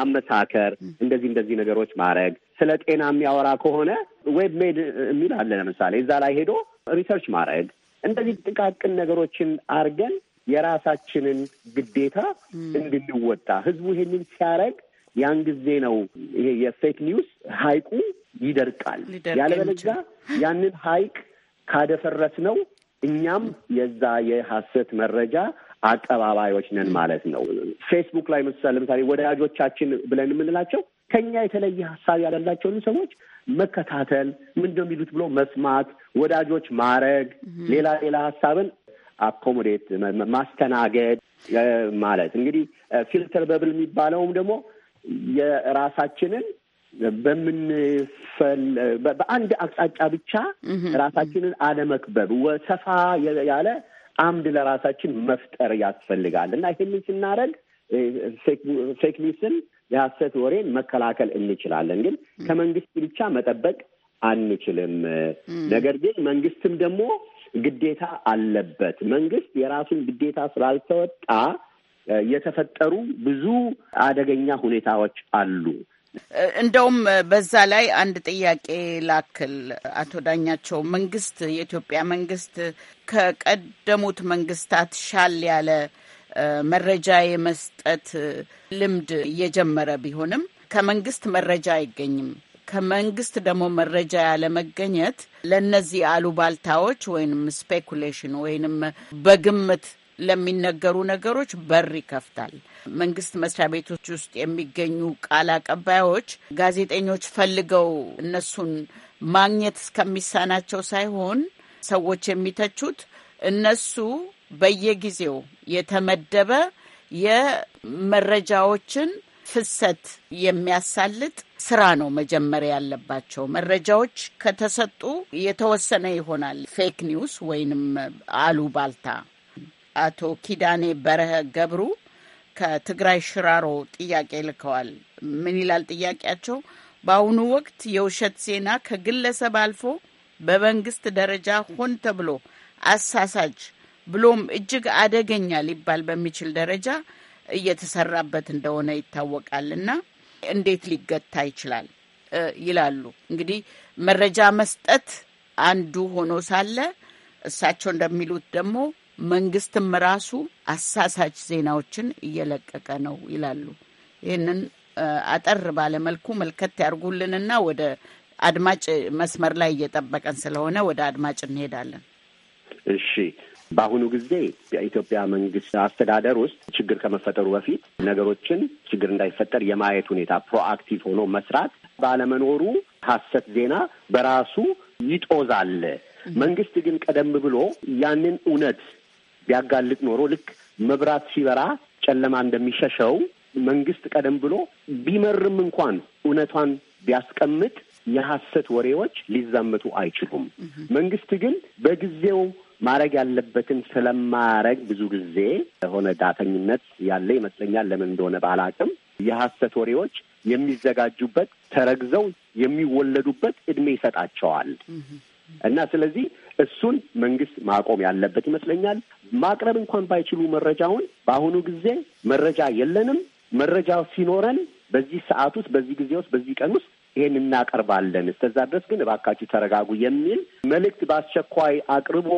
ማመሳከር፣ እንደዚህ እንደዚህ ነገሮች ማድረግ ስለ ጤና የሚያወራ ከሆነ ዌብ ሜድ የሚል አለ ለምሳሌ እዛ ላይ ሄዶ ሪሰርች ማድረግ እንደዚህ ጥቃቅን ነገሮችን አድርገን የራሳችንን ግዴታ እንድንወጣ ህዝቡ ይሄንን ሲያደርግ ያን ጊዜ ነው ይሄ የፌክ ኒውስ ሀይቁ ይደርቃል። ያለበለዛ ያንን ሀይቅ ካደፈረስ ነው እኛም የዛ የሀሰት መረጃ አቀባባዮች ነን ማለት ነው። ፌስቡክ ላይ ለምሳሌ ወዳጆቻችን ብለን የምንላቸው ከኛ የተለየ ሀሳብ ያለላቸውን ሰዎች መከታተል፣ ምንድነው የሚሉት ብሎ መስማት፣ ወዳጆች ማረግ፣ ሌላ ሌላ ሀሳብን አኮሞዴት ማስተናገድ ማለት እንግዲህ ፊልተር በብል የሚባለውም ደግሞ የራሳችንን በምንፈል በአንድ አቅጣጫ ብቻ ራሳችንን አለመክበብ ወሰፋ ያለ አምድ ለራሳችን መፍጠር ያስፈልጋል እና ይህንን ስናደርግ ፌክ ኒውስን የሀሰት ወሬን መከላከል እንችላለን። ግን ከመንግስት ብቻ መጠበቅ አንችልም። ነገር ግን መንግስትም ደግሞ ግዴታ አለበት። መንግስት የራሱን ግዴታ ስላልተወጣ የተፈጠሩ ብዙ አደገኛ ሁኔታዎች አሉ። እንደውም በዛ ላይ አንድ ጥያቄ ላክል። አቶ ዳኛቸው መንግስት የኢትዮጵያ መንግስት ከቀደሙት መንግስታት ሻል ያለ መረጃ የመስጠት ልምድ እየጀመረ ቢሆንም ከመንግስት መረጃ አይገኝም። ከመንግስት ደግሞ መረጃ ያለመገኘት ለእነዚህ አሉባልታዎች ወይንም ስፔኩሌሽን ወይንም በግምት ለሚነገሩ ነገሮች በር ይከፍታል። መንግስት መስሪያ ቤቶች ውስጥ የሚገኙ ቃል አቀባዮች ጋዜጠኞች ፈልገው እነሱን ማግኘት እስከሚሳናቸው ሳይሆን ሰዎች የሚተቹት እነሱ በየጊዜው የተመደበ የመረጃዎችን ፍሰት የሚያሳልጥ ስራ ነው መጀመሪያ ያለባቸው። መረጃዎች ከተሰጡ የተወሰነ ይሆናል ፌክ ኒውስ ወይንም አሉባልታ አቶ ኪዳኔ በረሀ ገብሩ ከትግራይ ሽራሮ ጥያቄ ልከዋል። ምን ይላል ጥያቄያቸው? በአሁኑ ወቅት የውሸት ዜና ከግለሰብ አልፎ በመንግስት ደረጃ ሆን ተብሎ አሳሳጅ ብሎም እጅግ አደገኛ ሊባል በሚችል ደረጃ እየተሰራበት እንደሆነ ይታወቃል እና እንዴት ሊገታ ይችላል ይላሉ። እንግዲህ መረጃ መስጠት አንዱ ሆኖ ሳለ እሳቸው እንደሚሉት ደግሞ መንግስትም ራሱ አሳሳች ዜናዎችን እየለቀቀ ነው ይላሉ። ይህንን አጠር ባለመልኩ መልከት ያርጉልንና ወደ አድማጭ መስመር ላይ እየጠበቀን ስለሆነ ወደ አድማጭ እንሄዳለን። እሺ። በአሁኑ ጊዜ የኢትዮጵያ መንግስት አስተዳደር ውስጥ ችግር ከመፈጠሩ በፊት ነገሮችን ችግር እንዳይፈጠር የማየት ሁኔታ ፕሮአክቲቭ ሆኖ መስራት ባለመኖሩ ሀሰት ዜና በራሱ ይጦዛል። መንግስት ግን ቀደም ብሎ ያንን እውነት ቢያጋልጥ ኖሮ ልክ መብራት ሲበራ ጨለማ እንደሚሸሸው መንግስት ቀደም ብሎ ቢመርም እንኳን እውነቷን ቢያስቀምጥ የሐሰት ወሬዎች ሊዛመቱ አይችሉም። መንግስት ግን በጊዜው ማድረግ ያለበትን ስለማረግ ብዙ ጊዜ የሆነ ዳተኝነት ያለ ይመስለኛል። ለምን እንደሆነ ባላቅም የሐሰት ወሬዎች የሚዘጋጁበት ተረግዘው የሚወለዱበት እድሜ ይሰጣቸዋል እና ስለዚህ እሱን መንግስት ማቆም ያለበት ይመስለኛል። ማቅረብ እንኳን ባይችሉ መረጃውን በአሁኑ ጊዜ መረጃ የለንም፣ መረጃ ሲኖረን በዚህ ሰዓት ውስጥ፣ በዚህ ጊዜ ውስጥ፣ በዚህ ቀን ውስጥ ይሄን እናቀርባለን፣ እስከዛ ድረስ ግን እባካችሁ ተረጋጉ የሚል መልእክት በአስቸኳይ አቅርቦ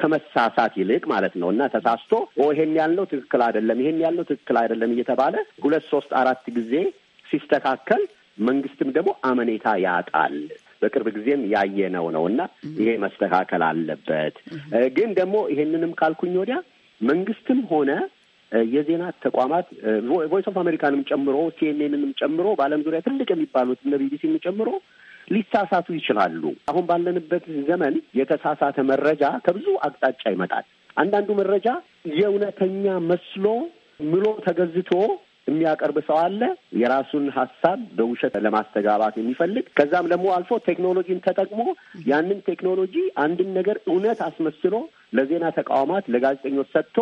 ከመሳሳት ይልቅ ማለት ነው እና ተሳስቶ ይሄን ያልነው ትክክል አይደለም፣ ይሄን ያልነው ትክክል አይደለም እየተባለ ሁለት ሶስት አራት ጊዜ ሲስተካከል መንግስትም ደግሞ አመኔታ ያጣል። በቅርብ ጊዜም ያየነው ነው እና ይሄ መስተካከል አለበት። ግን ደግሞ ይሄንንም ካልኩኝ ወዲያ መንግስትም ሆነ የዜና ተቋማት ቮይስ ኦፍ አሜሪካንም ጨምሮ ሲኤንኤንንም ጨምሮ በዓለም ዙሪያ ትልቅ የሚባሉት እነ ቢቢሲም ጨምሮ ሊሳሳቱ ይችላሉ። አሁን ባለንበት ዘመን የተሳሳተ መረጃ ከብዙ አቅጣጫ ይመጣል። አንዳንዱ መረጃ የእውነተኛ መስሎ ምሎ ተገዝቶ የሚያቀርብ ሰው አለ፣ የራሱን ሀሳብ በውሸት ለማስተጋባት የሚፈልግ ከዛም ደግሞ አልፎ ቴክኖሎጂን ተጠቅሞ ያንን ቴክኖሎጂ አንድን ነገር እውነት አስመስሎ ለዜና ተቋማት ለጋዜጠኞች ሰጥቶ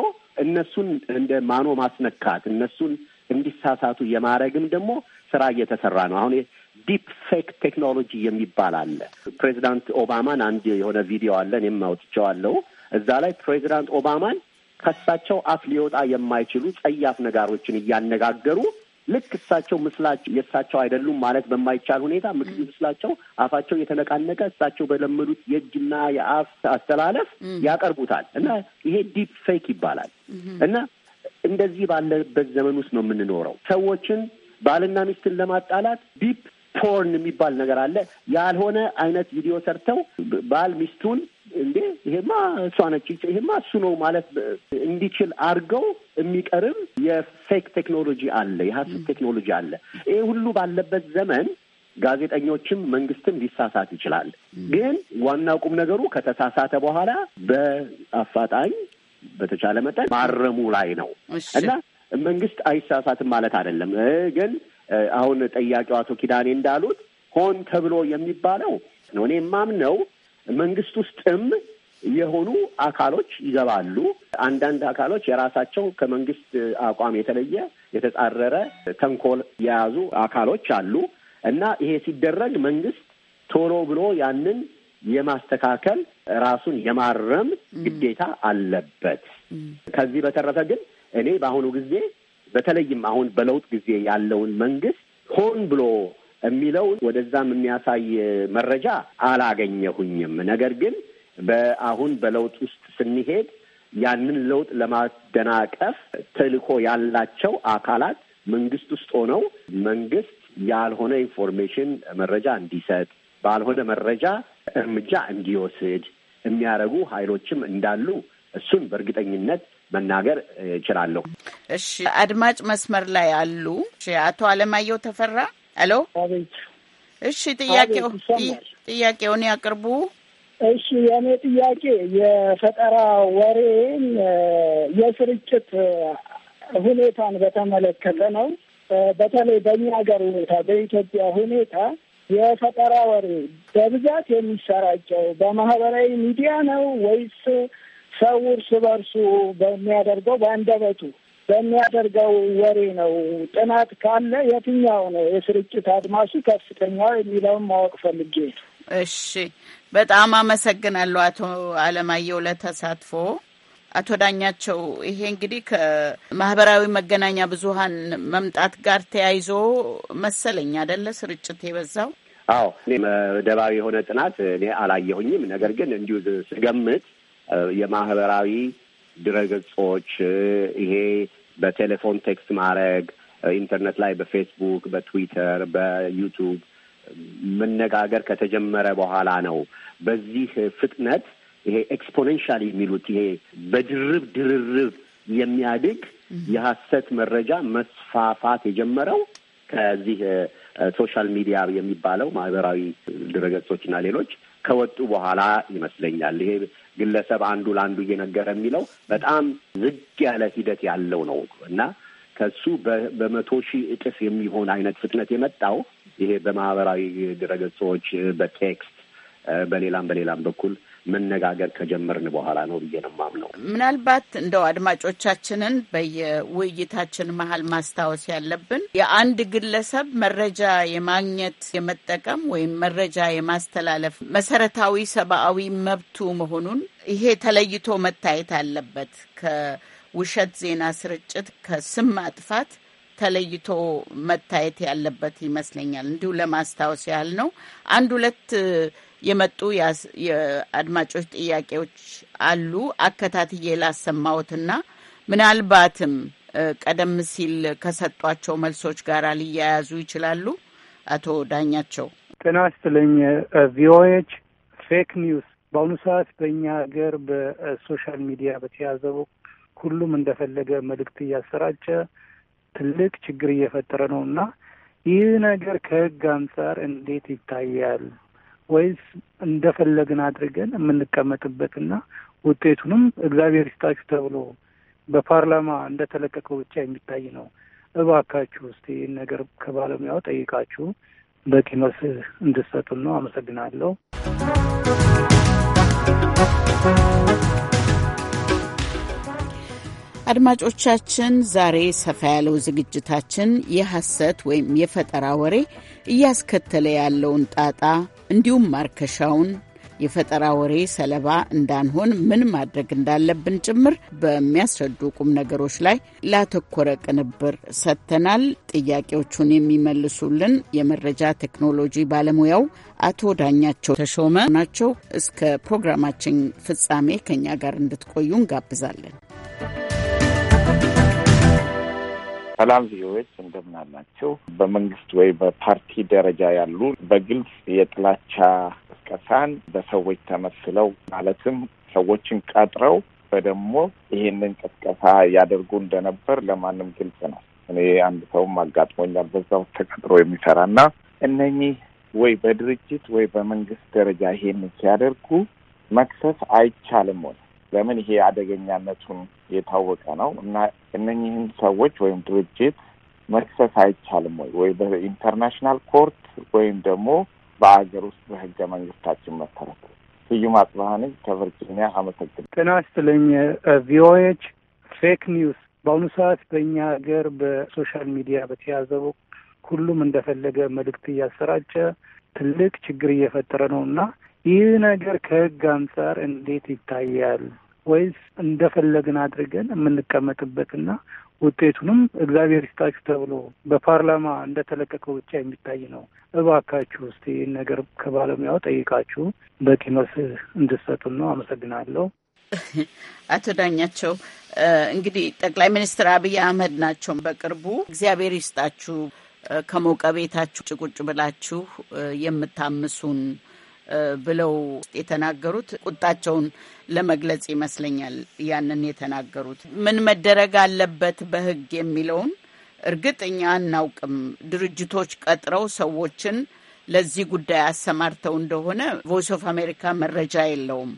እነሱን እንደ ማኖ ማስነካት እነሱን እንዲሳሳቱ የማድረግም ደግሞ ስራ እየተሰራ ነው። አሁን ዲፕ ፌክ ቴክኖሎጂ የሚባል አለ። ፕሬዚዳንት ኦባማን አንድ የሆነ ቪዲዮ አለ፣ እኔም አውጥቼዋለሁ። እዛ ላይ ፕሬዚዳንት ኦባማን ከሳቸው አፍ ሊወጣ የማይችሉ ጸያፍ ነጋሮችን እያነጋገሩ ልክ እሳቸው ምስላቸው የእሳቸው አይደሉም ማለት በማይቻል ሁኔታ ምክንያት ምስላቸው አፋቸው የተነቃነቀ እሳቸው በለመዱት የእጅና የአፍ አስተላለፍ ያቀርቡታል እና ይሄ ዲፕ ፌክ ይባላል እና እንደዚህ ባለበት ዘመን ውስጥ ነው የምንኖረው። ሰዎችን ባልና ሚስትን ለማጣላት ዲፕ ፖርን የሚባል ነገር አለ። ያልሆነ አይነት ቪዲዮ ሰርተው ባል ሚስቱን እንዴ ይሄማ እሷ ነች ይሄማ እሱ ነው ማለት እንዲችል አድርገው የሚቀርብ የፌክ ቴክኖሎጂ አለ፣ የሀሰት ቴክኖሎጂ አለ። ይሄ ሁሉ ባለበት ዘመን ጋዜጠኞችም መንግስትም ሊሳሳት ይችላል። ግን ዋና ቁም ነገሩ ከተሳሳተ በኋላ በአፋጣኝ በተቻለ መጠን ማረሙ ላይ ነው እና መንግስት አይሳሳትም ማለት አይደለም። ግን አሁን ጠያቂው አቶ ኪዳኔ እንዳሉት ሆን ተብሎ የሚባለው ነው እኔ የማምነው መንግስት ውስጥም የሆኑ አካሎች ይገባሉ። አንዳንድ አካሎች የራሳቸው ከመንግስት አቋም የተለየ የተጻረረ ተንኮል የያዙ አካሎች አሉ እና ይሄ ሲደረግ መንግስት ቶሎ ብሎ ያንን የማስተካከል ራሱን የማረም ግዴታ አለበት። ከዚህ በተረፈ ግን እኔ በአሁኑ ጊዜ በተለይም አሁን በለውጥ ጊዜ ያለውን መንግስት ሆን ብሎ የሚለው ወደዛም የሚያሳይ መረጃ አላገኘሁኝም። ነገር ግን በአሁን በለውጥ ውስጥ ስንሄድ ያንን ለውጥ ለማደናቀፍ ተልዕኮ ያላቸው አካላት መንግስት ውስጥ ሆነው መንግስት ያልሆነ ኢንፎርሜሽን መረጃ እንዲሰጥ ባልሆነ መረጃ እርምጃ እንዲወስድ የሚያደርጉ ኃይሎችም እንዳሉ እሱን በእርግጠኝነት መናገር እችላለሁ። እሺ፣ አድማጭ መስመር ላይ አሉ። አቶ አለማየሁ ተፈራ ሄሎ። እሺ፣ ጥያቄው ጥያቄውን ያቅርቡ። እሺ፣ የእኔ ጥያቄ የፈጠራ ወሬን የስርጭት ሁኔታን በተመለከተ ነው። በተለይ በእኛ ሀገር ሁኔታ፣ በኢትዮጵያ ሁኔታ የፈጠራ ወሬ በብዛት የሚሰራጨው በማህበራዊ ሚዲያ ነው ወይስ ሰው እርስ በርሱ በሚያደርገው በአንደበቱ በሚያደርገው ወሬ ነው። ጥናት ካለ የትኛው ነው የስርጭት አድማሱ ከፍተኛ የሚለውን ማወቅ ፈልጌ። እሺ፣ በጣም አመሰግናለሁ አቶ አለማየሁ ለተሳትፎ። አቶ ዳኛቸው፣ ይሄ እንግዲህ ከማህበራዊ መገናኛ ብዙሀን መምጣት ጋር ተያይዞ መሰለኝ አደለ ስርጭት የበዛው? አዎ፣ እኔ መደባዊ የሆነ ጥናት እኔ አላየሁኝም። ነገር ግን እንዲሁ ስገምት የማህበራዊ ድረገጾች ይሄ በቴሌፎን ቴክስት ማድረግ፣ ኢንተርኔት ላይ በፌስቡክ፣ በትዊተር፣ በዩቱብ መነጋገር ከተጀመረ በኋላ ነው። በዚህ ፍጥነት ይሄ ኤክስፖኔንሻል የሚሉት ይሄ በድርብ ድርርብ የሚያድግ የሀሰት መረጃ መስፋፋት የጀመረው ከዚህ ሶሻል ሚዲያ የሚባለው ማህበራዊ ድረገጾች እና ሌሎች ከወጡ በኋላ ይመስለኛል። ይሄ ግለሰብ አንዱ ለአንዱ እየነገረ የሚለው በጣም ዝግ ያለ ሂደት ያለው ነው እና ከሱ በመቶ ሺህ እጥፍ የሚሆን አይነት ፍጥነት የመጣው ይሄ በማህበራዊ ድረገጾች፣ በቴክስት በሌላም በሌላም በኩል መነጋገር ከጀመርን በኋላ ነው ብዬ ነው የማምነው። ምናልባት እንደው አድማጮቻችንን በየውይይታችን መሀል ማስታወስ ያለብን የአንድ ግለሰብ መረጃ የማግኘት የመጠቀም ወይም መረጃ የማስተላለፍ መሰረታዊ ሰብአዊ መብቱ መሆኑን ይሄ ተለይቶ መታየት አለበት። ከውሸት ዜና ስርጭት፣ ከስም ማጥፋት ተለይቶ መታየት ያለበት ይመስለኛል። እንዲሁ ለማስታወስ ያህል ነው። አንድ ሁለት የመጡ የአድማጮች ጥያቄዎች አሉ። አከታትዬ ላሰማዎትና ምናልባትም ቀደም ሲል ከሰጧቸው መልሶች ጋር ሊያያዙ ይችላሉ። አቶ ዳኛቸው ጤና ይስጥልኝ። ቪኦኤች ፌክ ኒውስ በአሁኑ ሰዓት በእኛ ሀገር በሶሻል ሚዲያ በተያዘው ሁሉም እንደፈለገ መልእክት እያሰራጨ ትልቅ ችግር እየፈጠረ ነው እና ይህ ነገር ከህግ አንጻር እንዴት ይታያል? ወይስ እንደፈለግን አድርገን የምንቀመጥበትና ውጤቱንም እግዚአብሔር ይስጣችሁ ተብሎ በፓርላማ እንደተለቀቀው ብቻ የሚታይ ነው? እባካችሁ እስቲ ይህን ነገር ከባለሙያው ጠይቃችሁ በቂ መልስ እንድሰጡን ነው። አመሰግናለሁ። አድማጮቻችን ዛሬ ሰፋ ያለው ዝግጅታችን የሐሰት ወይም የፈጠራ ወሬ እያስከተለ ያለውን ጣጣ እንዲሁም ማርከሻውን የፈጠራ ወሬ ሰለባ እንዳንሆን ምን ማድረግ እንዳለብን ጭምር በሚያስረዱ ቁም ነገሮች ላይ ላተኮረ ቅንብር ሰጥተናል። ጥያቄዎቹን የሚመልሱልን የመረጃ ቴክኖሎጂ ባለሙያው አቶ ዳኛቸው ተሾመ ናቸው። እስከ ፕሮግራማችን ፍጻሜ ከኛ ጋር እንድትቆዩ እንጋብዛለን። ሰላም ቪዮች እንደምን በመንግስት ወይ በፓርቲ ደረጃ ያሉ በግልጽ የጥላቻ ቅስቀሳን በሰዎች ተመስለው ማለትም ሰዎችን ቀጥረው በደግሞ ይሄንን ቅስቀሳ ያደርጉ እንደነበር ለማንም ግልጽ ነው። እኔ አንድ ሰውም አጋጥሞኛል በዛ ተቀጥሮ ተቀጥሮ የሚሰራና እነኚህ ወይ በድርጅት ወይ በመንግስት ደረጃ ይሄንን ሲያደርጉ መክሰስ አይቻልም ሆነ ለምን ይሄ አደገኛነቱን የታወቀ ነው እና እነኚህን ሰዎች ወይም ድርጅት መክሰስ አይቻልም ወይ ወይ በኢንተርናሽናል ኮርት ወይም ደግሞ በአገር ውስጥ በህገ መንግስታችን መሰረት። ስዩም አጽባህን ከቨርጂኒያ አመሰግን ጤና ይስጥልኝ ቪኦኤች ፌክ ኒውስ በአሁኑ ሰዓት በእኛ ሀገር በሶሻል ሚዲያ በተያዘው ሁሉም እንደፈለገ መልእክት እያሰራጨ ትልቅ ችግር እየፈጠረ ነው እና ይህ ነገር ከህግ አንጻር እንዴት ይታያል? ወይስ እንደፈለግን አድርገን የምንቀመጥበትና ውጤቱንም እግዚአብሔር ይስጣችሁ ተብሎ በፓርላማ እንደተለቀቀ ብቻ የሚታይ ነው? እባካችሁ እስቲ ይህን ነገር ከባለሙያው ጠይቃችሁ በቂ መልስ እንድሰጡን ነው። አመሰግናለሁ። አቶ ዳኛቸው እንግዲህ ጠቅላይ ሚኒስትር አብይ አህመድ ናቸው። በቅርቡ እግዚአብሔር ይስጣችሁ ከሞቀ ቤታችሁ ጭቁጭ ብላችሁ የምታምሱን ብለው የተናገሩት ቁጣቸውን ለመግለጽ ይመስለኛል። ያንን የተናገሩት ምን መደረግ አለበት በህግ የሚለውን እርግጥ እኛ አናውቅም። ድርጅቶች ቀጥረው ሰዎችን ለዚህ ጉዳይ አሰማርተው እንደሆነ ቮይስ ኦፍ አሜሪካ መረጃ የለውም።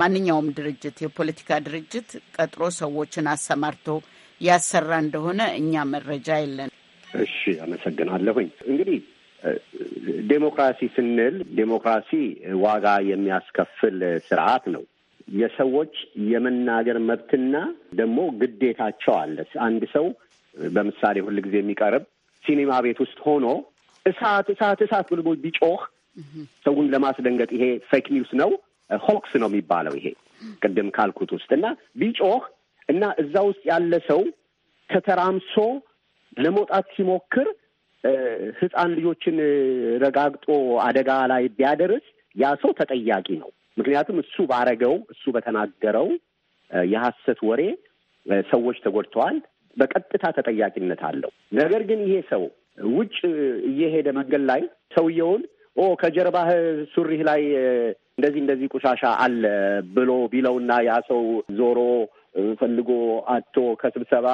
ማንኛውም ድርጅት የፖለቲካ ድርጅት ቀጥሮ ሰዎችን አሰማርቶ ያሰራ እንደሆነ እኛ መረጃ የለን። እሺ፣ አመሰግናለሁኝ። እንግዲህ ዴሞክራሲ ስንል ዴሞክራሲ ዋጋ የሚያስከፍል ስርዓት ነው። የሰዎች የመናገር መብትና ደግሞ ግዴታቸው አለ። አንድ ሰው በምሳሌ ጊዜ የሚቀርብ ሲኒማ ቤት ውስጥ ሆኖ እሳት እሳት እሳት ብሎ ቢጮህ ሰውን ለማስደንገጥ ይሄ ፌክ ኒውስ ነው፣ ሆክስ ነው የሚባለው ይሄ ቅድም ካልኩት ውስጥ እና ቢጮህ እና እዛ ውስጥ ያለ ሰው ተተራምሶ ለመውጣት ሲሞክር ህፃን ልጆችን ረጋግጦ አደጋ ላይ ቢያደርስ ያ ሰው ተጠያቂ ነው። ምክንያቱም እሱ ባረገው እሱ በተናገረው የሐሰት ወሬ ሰዎች ተጎድተዋል። በቀጥታ ተጠያቂነት አለው። ነገር ግን ይሄ ሰው ውጭ እየሄደ መንገድ ላይ ሰውየውን ኦ ከጀርባህ ሱሪህ ላይ እንደዚህ እንደዚህ ቆሻሻ አለ ብሎ ቢለውና ያ ሰው ዞሮ ፈልጎ አቶ ከስብሰባ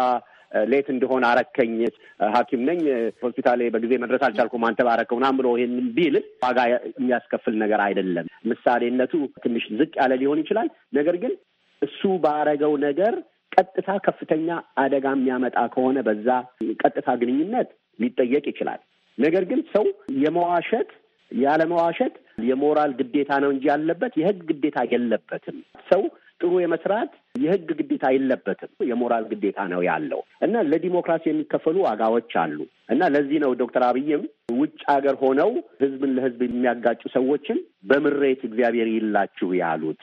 ሌት እንደሆነ አረከኝ፣ ሐኪም ነኝ፣ ሆስፒታል በጊዜ መድረስ አልቻልኩም፣ አንተ ባረከው ምናምን ብሎ ይህን ቢል ዋጋ የሚያስከፍል ነገር አይደለም። ምሳሌነቱ ትንሽ ዝቅ ያለ ሊሆን ይችላል። ነገር ግን እሱ ባረገው ነገር ቀጥታ ከፍተኛ አደጋ የሚያመጣ ከሆነ በዛ ቀጥታ ግንኙነት ሊጠየቅ ይችላል። ነገር ግን ሰው የመዋሸት ያለመዋሸት የሞራል ግዴታ ነው እንጂ ያለበት የህግ ግዴታ የለበትም። ሰው ጥሩ የመስራት የህግ ግዴታ የለበትም። የሞራል ግዴታ ነው ያለው እና ለዲሞክራሲ የሚከፈሉ ዋጋዎች አሉ እና ለዚህ ነው ዶክተር አብይም ውጭ ሀገር ሆነው ህዝብን ለህዝብ የሚያጋጩ ሰዎችን በምሬት እግዚአብሔር ይላችሁ ያሉት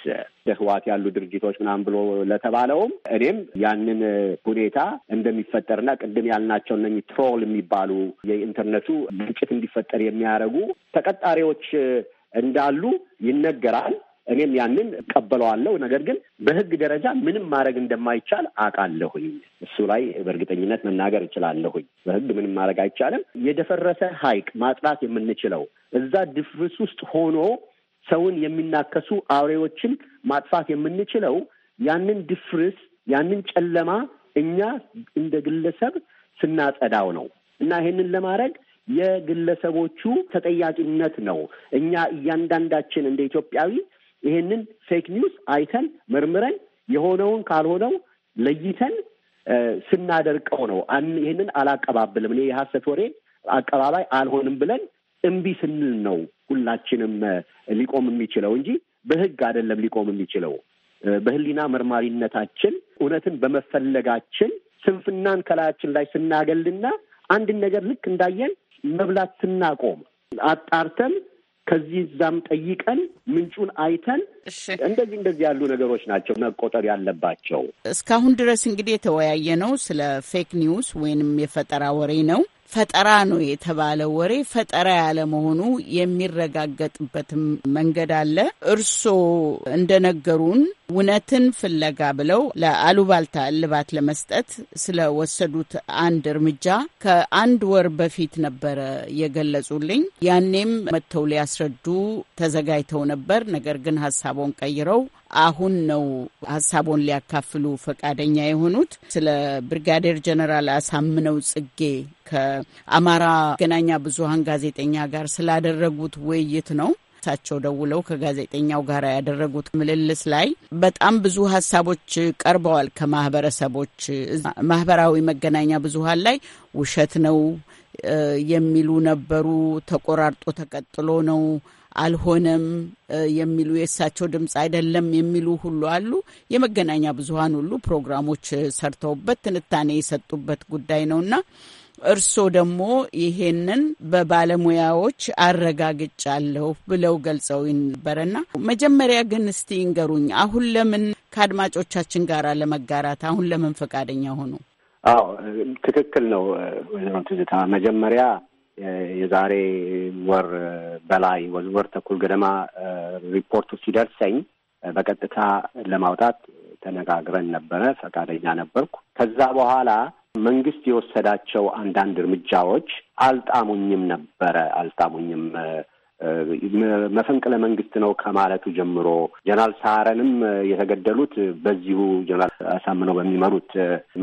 ህዋት ያሉ ድርጅቶች ምናምን ብሎ ለተባለውም እኔም ያንን ሁኔታ እንደሚፈጠርና ቅድም ያልናቸው እነ ትሮል የሚባሉ የኢንተርኔቱ ግጭት እንዲፈጠር የሚያደርጉ ተቀጣሪዎች እንዳሉ ይነገራል። እኔም ያንን እቀበለዋለሁ። ነገር ግን በህግ ደረጃ ምንም ማድረግ እንደማይቻል አውቃለሁኝ። እሱ ላይ በእርግጠኝነት መናገር እችላለሁኝ። በህግ ምንም ማድረግ አይቻልም። የደፈረሰ ሀይቅ ማጥራት የምንችለው እዛ ድፍርስ ውስጥ ሆኖ ሰውን የሚናከሱ አውሬዎችን ማጥፋት የምንችለው ያንን ድፍርስ ያንን ጨለማ እኛ እንደ ግለሰብ ስናጸዳው ነው እና ይሄንን ለማድረግ የግለሰቦቹ ተጠያቂነት ነው። እኛ እያንዳንዳችን እንደ ኢትዮጵያዊ ይሄንን ፌክ ኒውስ አይተን መርምረን የሆነውን ካልሆነው ለይተን ስናደርቀው ነው። ይህንን አላቀባብልም እኔ የሀሰት ወሬ አቀባባይ አልሆንም ብለን እምቢ ስንል ነው ሁላችንም ሊቆም የሚችለው እንጂ በህግ አይደለም ሊቆም የሚችለው። በህሊና መርማሪነታችን እውነትን በመፈለጋችን ስንፍናን ከላያችን ላይ ስናገልና አንድን ነገር ልክ እንዳየን መብላት ስናቆም አጣርተን ከዚህ እዛም ጠይቀን ምንጩን አይተን እንደዚህ እንደዚህ ያሉ ነገሮች ናቸው መቆጠር ያለባቸው። እስካሁን ድረስ እንግዲህ የተወያየ ነው ስለ ፌክ ኒውስ ወይንም የፈጠራ ወሬ ነው። ፈጠራ ነው የተባለው ወሬ ፈጠራ ያለ መሆኑ የሚረጋገጥበትም መንገድ አለ። እርስዎ እንደነገሩን እውነትን ፍለጋ ብለው ለአሉባልታ እልባት ለመስጠት ስለወሰዱት አንድ እርምጃ ከአንድ ወር በፊት ነበረ የገለጹልኝ። ያኔም መጥተው ሊያስረዱ ተዘጋጅተው ነበር። ነገር ግን ሀሳቦን ቀይረው አሁን ነው ሀሳቡን ሊያካፍሉ ፈቃደኛ የሆኑት። ስለ ብርጋዴር ጀነራል አሳምነው ጽጌ ከአማራ መገናኛ ብዙሀን ጋዜጠኛ ጋር ስላደረጉት ውይይት ነው። እሳቸው ደውለው ከጋዜጠኛው ጋር ያደረጉት ምልልስ ላይ በጣም ብዙ ሀሳቦች ቀርበዋል። ከማህበረሰቦች ማህበራዊ መገናኛ ብዙሀን ላይ ውሸት ነው የሚሉ ነበሩ። ተቆራርጦ ተቀጥሎ ነው አልሆነም የሚሉ የእሳቸው ድምፅ አይደለም የሚሉ ሁሉ አሉ። የመገናኛ ብዙኃን ሁሉ ፕሮግራሞች ሰርተውበት ትንታኔ የሰጡበት ጉዳይ ነውና እርስዎ ደግሞ ይሄንን በባለሙያዎች አረጋግጫለሁ ብለው ገልጸው ነበረና መጀመሪያ ግን እስቲ ይንገሩኝ፣ አሁን ለምን ከአድማጮቻችን ጋር ለመጋራት አሁን ለምን ፈቃደኛ ሆኑ? አዎ ትክክል ነው ወይዘሮ ትዝታ መጀመሪያ የዛሬ ወር በላይ ወር ተኩል ገደማ ሪፖርቱ ሲደርሰኝ በቀጥታ ለማውጣት ተነጋግረን ነበረ። ፈቃደኛ ነበርኩ። ከዛ በኋላ መንግስት የወሰዳቸው አንዳንድ እርምጃዎች አልጣሙኝም ነበረ አልጣሙኝም መፈንቅለ መንግስት ነው ከማለቱ ጀምሮ ጀነራል ሳረንም የተገደሉት በዚሁ ጀነራል አሳምነው በሚመሩት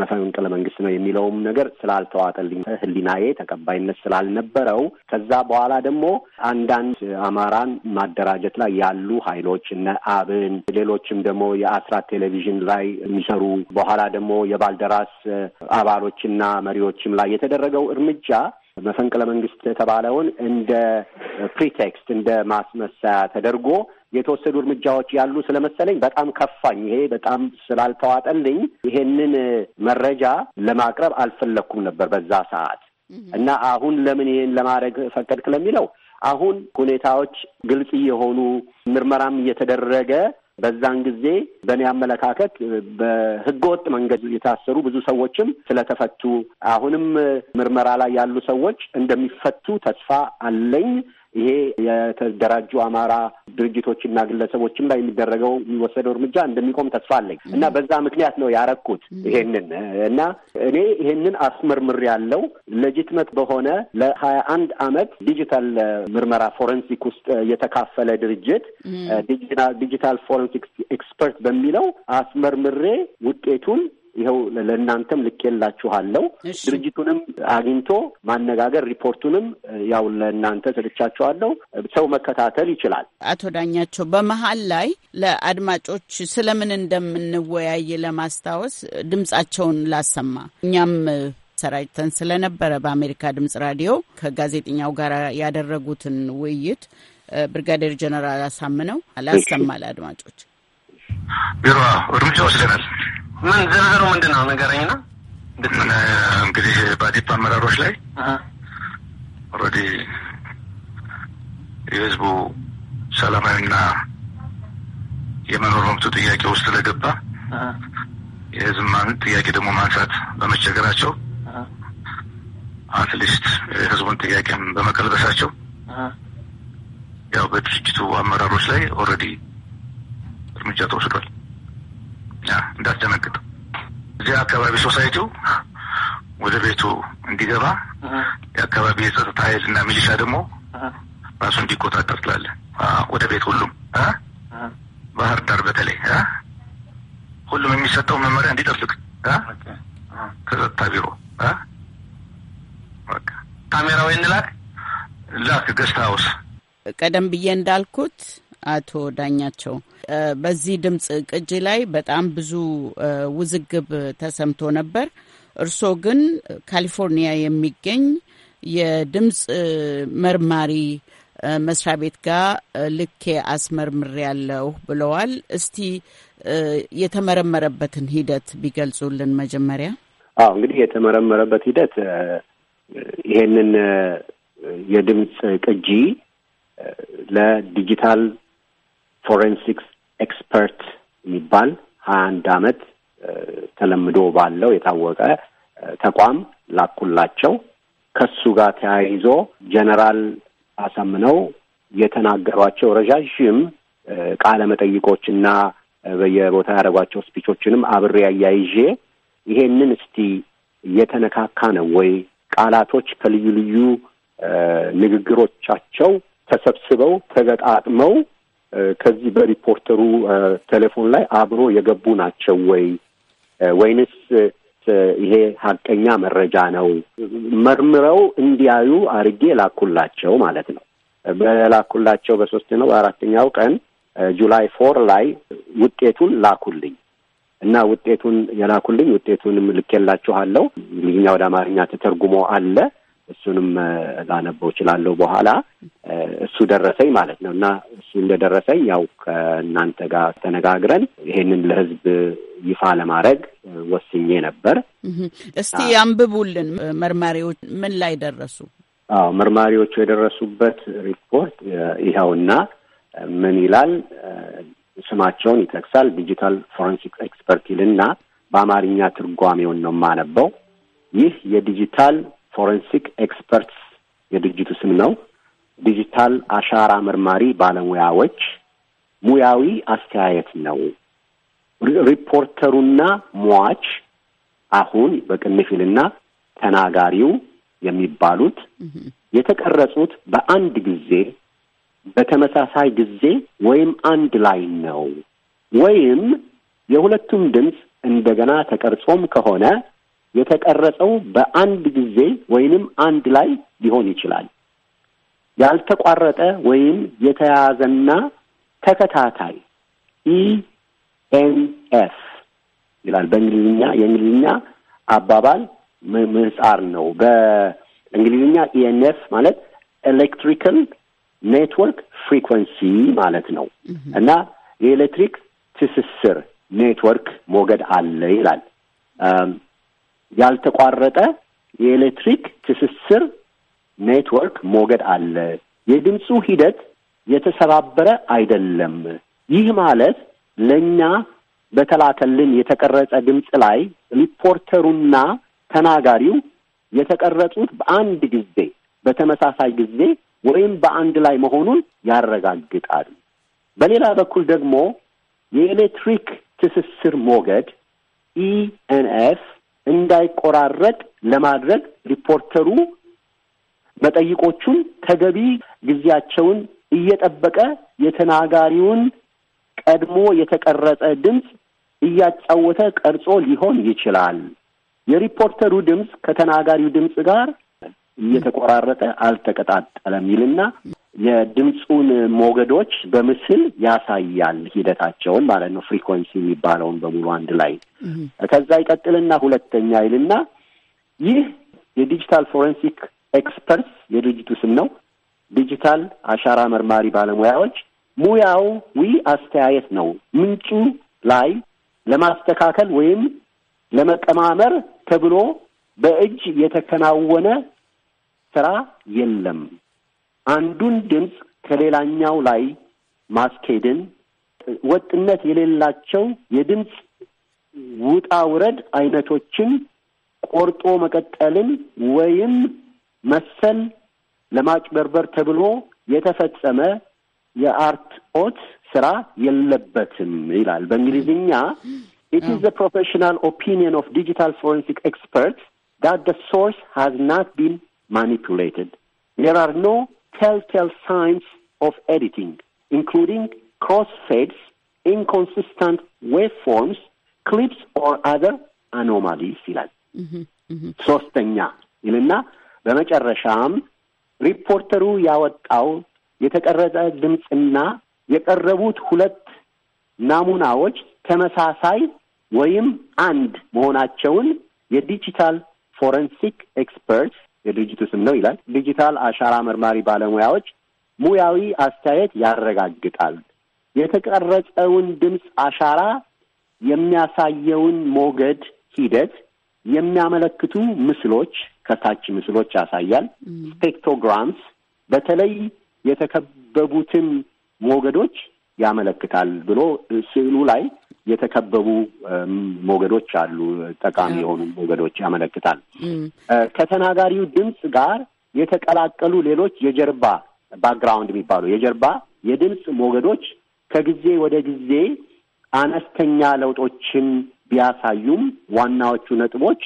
መፈንቅለ መንግስት ነው የሚለውም ነገር ስላልተዋጠልኝ ህሊናዬ ተቀባይነት ስላልነበረው ከዛ በኋላ ደግሞ አንዳንድ አማራን ማደራጀት ላይ ያሉ ሀይሎች እነ አብን፣ ሌሎችም ደግሞ የአስራት ቴሌቪዥን ላይ የሚሰሩ በኋላ ደግሞ የባልደራስ አባሎችና መሪዎችም ላይ የተደረገው እርምጃ መፈንቅለ መንግስት የተባለውን እንደ ፕሪቴክስት እንደ ማስመሰያ ተደርጎ የተወሰዱ እርምጃዎች ያሉ ስለመሰለኝ በጣም ከፋኝ። ይሄ በጣም ስላልተዋጠልኝ ይሄንን መረጃ ለማቅረብ አልፈለግኩም ነበር በዛ ሰዓት እና አሁን ለምን ይሄን ለማድረግ ፈቀድክ ለሚለው አሁን ሁኔታዎች ግልጽ እየሆኑ ምርመራም እየተደረገ በዛን ጊዜ በእኔ አመለካከት በህገወጥ መንገድ የታሰሩ ብዙ ሰዎችም ስለተፈቱ አሁንም ምርመራ ላይ ያሉ ሰዎች እንደሚፈቱ ተስፋ አለኝ። ይሄ የተደራጁ አማራ ድርጅቶችና ግለሰቦችም ላይ የሚደረገው የሚወሰደው እርምጃ እንደሚቆም ተስፋ አለኝ እና በዛ ምክንያት ነው ያረኩት ይሄንን እና እኔ ይሄንን አስመርምር ያለው ለጅትመት በሆነ ለሀያ አንድ አመት ዲጂታል ምርመራ ፎረንሲክ ውስጥ የተካፈለ ድርጅት ዲጂታል ፎረንሲክ ኤክስፐርት በሚለው አስመርምሬ ውጤቱን ይኸው ለእናንተም ልኬላችኋለሁ። ድርጅቱንም አግኝቶ ማነጋገር፣ ሪፖርቱንም ያው ለእናንተ ስልቻችኋለሁ። ሰው መከታተል ይችላል። አቶ ዳኛቸው በመሀል ላይ ለአድማጮች ስለምን እንደምንወያይ ለማስታወስ ድምጻቸውን ላሰማ እኛም ሰራጭተን ስለነበረ በአሜሪካ ድምጽ ራዲዮ ከጋዜጠኛው ጋር ያደረጉትን ውይይት ብርጋዴር ጀነራል አሳምነው ላሰማ ለአድማጮች ቢሮ እርምጃ ወስደናል። ምን ዝርዝሩ ምንድን ነው ንገረኝ። ና እንግዲህ በአዴፓ አመራሮች ላይ ኦልሬዲ የህዝቡ ሰላማዊና የመኖር መብቱ ጥያቄ ውስጥ ለገባ የህዝብ ጥያቄ ደግሞ ማንሳት በመቸገራቸው አትሊስት የህዝቡን ጥያቄም በመቀልበሳቸው ያው በድርጅቱ አመራሮች ላይ ኦልሬዲ እርምጃ ተወስዷል። እንዳስደነግጥ እዚያ አካባቢ ሶሳይቲው ወደ ቤቱ እንዲገባ የአካባቢ የጸጥታ ኃይል እና ሚሊሻ ደግሞ ራሱ እንዲቆጣጠር ትላለ። ወደ ቤት ሁሉም ባህር ዳር በተለይ ሁሉም የሚሰጠው መመሪያ እንዲጠብቅ ከጸጥታ ቢሮ ወይ እንላክ ላክ ገስት ሀውስ ቀደም ብዬ እንዳልኩት አቶ ዳኛቸው በዚህ ድምፅ ቅጂ ላይ በጣም ብዙ ውዝግብ ተሰምቶ ነበር። እርስዎ ግን ካሊፎርኒያ የሚገኝ የድምፅ መርማሪ መስሪያ ቤት ጋር ልኬ አስመርምር ያለሁ ብለዋል። እስቲ የተመረመረበትን ሂደት ቢገልጹልን መጀመሪያ። አዎ እንግዲህ የተመረመረበት ሂደት ይሄንን የድምፅ ቅጂ ለዲጂታል ፎሬንሲክስ ኤክስፐርት የሚባል ሀያ አንድ አመት ተለምዶ ባለው የታወቀ ተቋም ላኩላቸው። ከሱ ጋር ተያይዞ ጀነራል አሳምነው የተናገሯቸው ረዣዥም ቃለ መጠይቆች እና በየቦታ ያደረጓቸው ስፒቾችንም አብሬ አያይዤ ይሄንን እስቲ እየተነካካ ነው ወይ ቃላቶች ከልዩ ልዩ ንግግሮቻቸው ተሰብስበው ተገጣጥመው ከዚህ በሪፖርተሩ ቴሌፎን ላይ አብሮ የገቡ ናቸው ወይ ወይንስ ይሄ ሀቀኛ መረጃ ነው መርምረው እንዲያዩ አርጌ ላኩላቸው ማለት ነው። በላኩላቸው በሶስት ነው በአራተኛው ቀን ጁላይ ፎር ላይ ውጤቱን ላኩልኝ እና ውጤቱን የላኩልኝ ውጤቱንም ልኬላችኋለሁ። እንግሊዝኛ ወደ አማርኛ ተተርጉሞ አለ። እሱንም ላነበው እችላለሁ በኋላ እሱ ደረሰኝ ማለት ነው እና እሱ እንደደረሰኝ ያው ከእናንተ ጋር ተነጋግረን ይሄንን ለህዝብ ይፋ ለማድረግ ወስኜ ነበር። እስቲ አንብቡልን። መርማሪዎች ምን ላይ ደረሱ? አዎ መርማሪዎቹ የደረሱበት ሪፖርት ይኸውና ምን ይላል? ስማቸውን ይጠቅሳል። ዲጂታል ፎረንሲክ ኤክስፐርት ይልና በአማርኛ ትርጓሜውን ነው የማነበው። ይህ የዲጂታል ፎረንሲክ ኤክስፐርትስ የድርጅቱ ስም ነው። ዲጂታል አሻራ መርማሪ ባለሙያዎች ሙያዊ አስተያየት ነው። ሪፖርተሩና ሟች አሁን በቅንፊልና ተናጋሪው የሚባሉት የተቀረጹት በአንድ ጊዜ በተመሳሳይ ጊዜ ወይም አንድ ላይ ነው ወይም የሁለቱም ድምፅ እንደገና ተቀርጾም ከሆነ የተቀረጸው በአንድ ጊዜ ወይንም አንድ ላይ ሊሆን ይችላል። ያልተቋረጠ ወይም የተያዘና ተከታታይ ኢኤንኤፍ e ይላል። በእንግሊዝኛ የእንግሊዝኛ አባባል ምህጻር ነው። በእንግሊዝኛ ኢኤንኤፍ e ማለት ኤሌክትሪካል ኔትወርክ ፍሪኮንሲ ማለት ነው እና የኤሌክትሪክ ትስስር ኔትወርክ ሞገድ አለ ይላል። ያልተቋረጠ የኤሌክትሪክ ትስስር ኔትወርክ ሞገድ አለ። የድምፁ ሂደት የተሰባበረ አይደለም። ይህ ማለት ለእኛ በተላከልን የተቀረጸ ድምፅ ላይ ሪፖርተሩና ተናጋሪው የተቀረጹት በአንድ ጊዜ በተመሳሳይ ጊዜ ወይም በአንድ ላይ መሆኑን ያረጋግጣል። በሌላ በኩል ደግሞ የኤሌክትሪክ ትስስር ሞገድ ኢኤንኤፍ e እንዳይቆራረጥ ለማድረግ ሪፖርተሩ መጠይቆቹን ተገቢ ጊዜያቸውን እየጠበቀ የተናጋሪውን ቀድሞ የተቀረጸ ድምፅ እያጫወተ ቀርጾ ሊሆን ይችላል። የሪፖርተሩ ድምፅ ከተናጋሪው ድምፅ ጋር እየተቆራረጠ አልተቀጣጠለም ይልና የድምፁን ሞገዶች በምስል ያሳያል ሂደታቸውን ማለት ነው። ፍሪኮንሲ የሚባለውን በሙሉ አንድ ላይ ከዛ ይቀጥልና ሁለተኛ ይልና ይህ የዲጂታል ፎረንሲክ ኤክስፐርት የድርጅቱ ስም ነው። ዲጂታል አሻራ መርማሪ ባለሙያዎች ሙያዊ አስተያየት ነው ምንጩ ላይ ለማስተካከል ወይም ለመቀማመር ተብሎ በእጅ የተከናወነ ስራ የለም አንዱን ድምፅ ከሌላኛው ላይ ማስኬድን ወጥነት የሌላቸው የድምፅ ውጣ ውረድ አይነቶችን ቆርጦ መቀጠልን ወይም መሰል ለማጭበርበር ተብሎ የተፈጸመ የአርትኦት ስራ የለበትም ይላል። በእንግሊዝኛ ኢት ኢዝ ዘ ፕሮፌሽናል ኦፒኒየን ኦፍ ዲጂታል ፎረንሲክ ኤክስፐርት ዳት ሶርስ ሃዝ ናት ቢን ማኒፑሌትድ ዜር አር ኖ telltale signs of editing, including crossfades, inconsistent waveforms, ክሊፕስ ኦር አዘር አኖማሊስ ይላል። ሶስተኛ ይልና በመጨረሻም ሪፖርተሩ ያወጣው የተቀረጸ ድምፅና የቀረቡት ሁለት ናሙናዎች ተመሳሳይ ወይም አንድ መሆናቸውን የዲጂታል ፎረንሲክ ኤክስፐርትስ የድርጅቱ ስም ነው ይላል። ዲጂታል አሻራ መርማሪ ባለሙያዎች ሙያዊ አስተያየት ያረጋግጣል። የተቀረጸውን ድምፅ አሻራ የሚያሳየውን ሞገድ ሂደት የሚያመለክቱ ምስሎች ከታች ምስሎች ያሳያል። ስፔክቶግራምስ በተለይ የተከበቡትን ሞገዶች ያመለክታል ብሎ ስዕሉ ላይ የተከበቡ ሞገዶች አሉ፣ ጠቃሚ የሆኑ ሞገዶች ያመለክታል። ከተናጋሪው ድምፅ ጋር የተቀላቀሉ ሌሎች የጀርባ ባክግራውንድ የሚባሉ የጀርባ የድምፅ ሞገዶች ከጊዜ ወደ ጊዜ አነስተኛ ለውጦችን ቢያሳዩም ዋናዎቹ ነጥቦች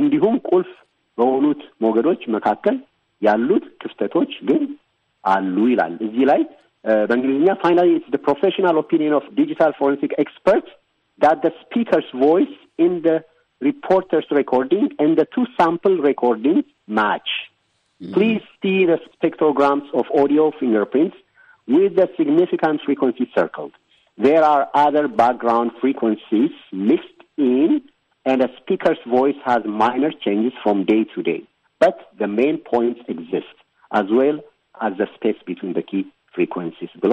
እንዲሁም ቁልፍ በሆኑት ሞገዶች መካከል ያሉት ክፍተቶች ግን አሉ ይላል። እዚህ ላይ በእንግሊዝኛ ፋይናሊ ኢትስ ዘ ፕሮፌሽናል ኦፒኒየን ኦፍ ዲጂታል ፎረንሲክ ኤክስፐርት ዳት ዘ ስፒከርስ ቮይስ ኢን ዘ ሪፖርተርስ ሬኮርዲንግ two ዘ ቱ ሳምፕል ሬኮርዲንግ ማች ፕሊዝ ሲ ዘ ስፔክትሮግራምስ ኦፍ ኦዲዮ fingerprints with the significant frequency circled. There are other background frequencies mixed in, and a speaker's voice has minor changes from day to day. But the main points exist, as well as the space between the key ፍሪኮንሲስ ብሎ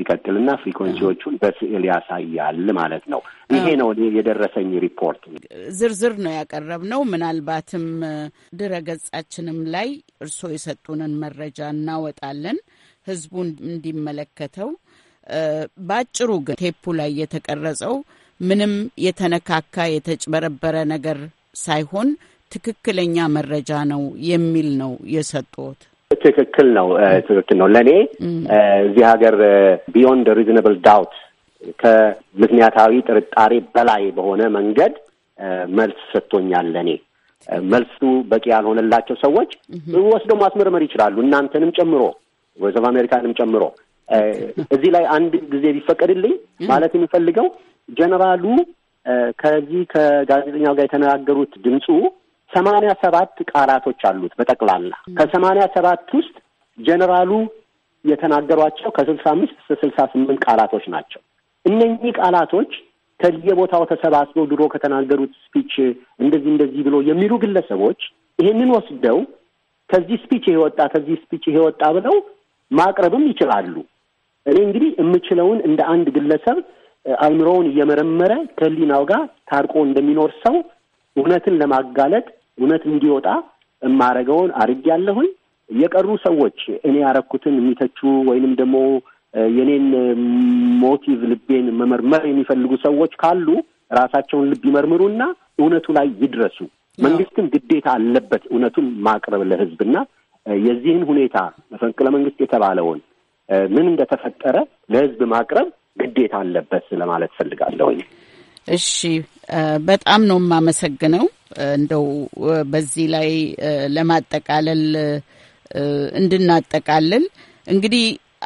ይቀጥልና ፍሪኮንሲዎቹን በስዕል ያሳያል ማለት ነው። ይሄ ነው የደረሰኝ ሪፖርት። ዝርዝር ነው ያቀረብ ነው ምናልባትም ድረ ገጻችንም ላይ እርስዎ የሰጡንን መረጃ እናወጣለን ህዝቡ እንዲመለከተው። በአጭሩ ግን ቴፑ ላይ የተቀረጸው ምንም የተነካካ የተጭበረበረ ነገር ሳይሆን ትክክለኛ መረጃ ነው የሚል ነው የሰጡት። ትክክል ነው፣ ትክክል ነው። ለእኔ እዚህ ሀገር ቢዮንድ ሪዝናብል ዳውት ከምክንያታዊ ጥርጣሬ በላይ በሆነ መንገድ መልስ ሰጥቶኛል። ለእኔ መልሱ በቂ ያልሆነላቸው ሰዎች ወስዶ ማስመርመር ይችላሉ፣ እናንተንም ጨምሮ ወይስ አሜሪካንም ጨምሮ። እዚህ ላይ አንድ ጊዜ ቢፈቀድልኝ ማለት የሚፈልገው ጀነራሉ ከዚህ ከጋዜጠኛው ጋር የተነጋገሩት ድምፁ ሰማንያ ሰባት ቃላቶች አሉት በጠቅላላ ከሰማንያ ሰባት ውስጥ ጀኔራሉ የተናገሯቸው ከስልሳ አምስት እስከ ስልሳ ስምንት ቃላቶች ናቸው። እነኚህ ቃላቶች ከየቦታው ተሰባስበው ድሮ ከተናገሩት ስፒች እንደዚህ እንደዚህ ብሎ የሚሉ ግለሰቦች ይሄንን ወስደው ከዚህ ስፒች ይሄ ወጣ፣ ከዚህ ስፒች ይሄ ወጣ ብለው ማቅረብም ይችላሉ። እኔ እንግዲህ የምችለውን እንደ አንድ ግለሰብ አይምሮውን እየመረመረ ከህሊናው ጋር ታርቆ እንደሚኖር ሰው እውነትን ለማጋለጥ እውነት እንዲወጣ እማረገውን ያለሁኝ የቀሩ ሰዎች እኔ ያረኩትን የሚተቹ ወይንም ደግሞ የኔን ሞቲቭ ልቤን መመርመር የሚፈልጉ ሰዎች ካሉ ራሳቸውን ልብ ይመርምሩና እውነቱ ላይ ይድረሱ። መንግስትም ግዴታ አለበት እውነቱን ማቅረብ ለህዝብና የዚህን ሁኔታ መፈንቅለ መንግስት የተባለውን ምን እንደተፈጠረ ለህዝብ ማቅረብ ግዴታ አለበት ለማለት ፈልጋለሁኝ። እሺ። በጣም ነው የማመሰግነው። እንደው በዚህ ላይ ለማጠቃለል እንድናጠቃልል እንግዲህ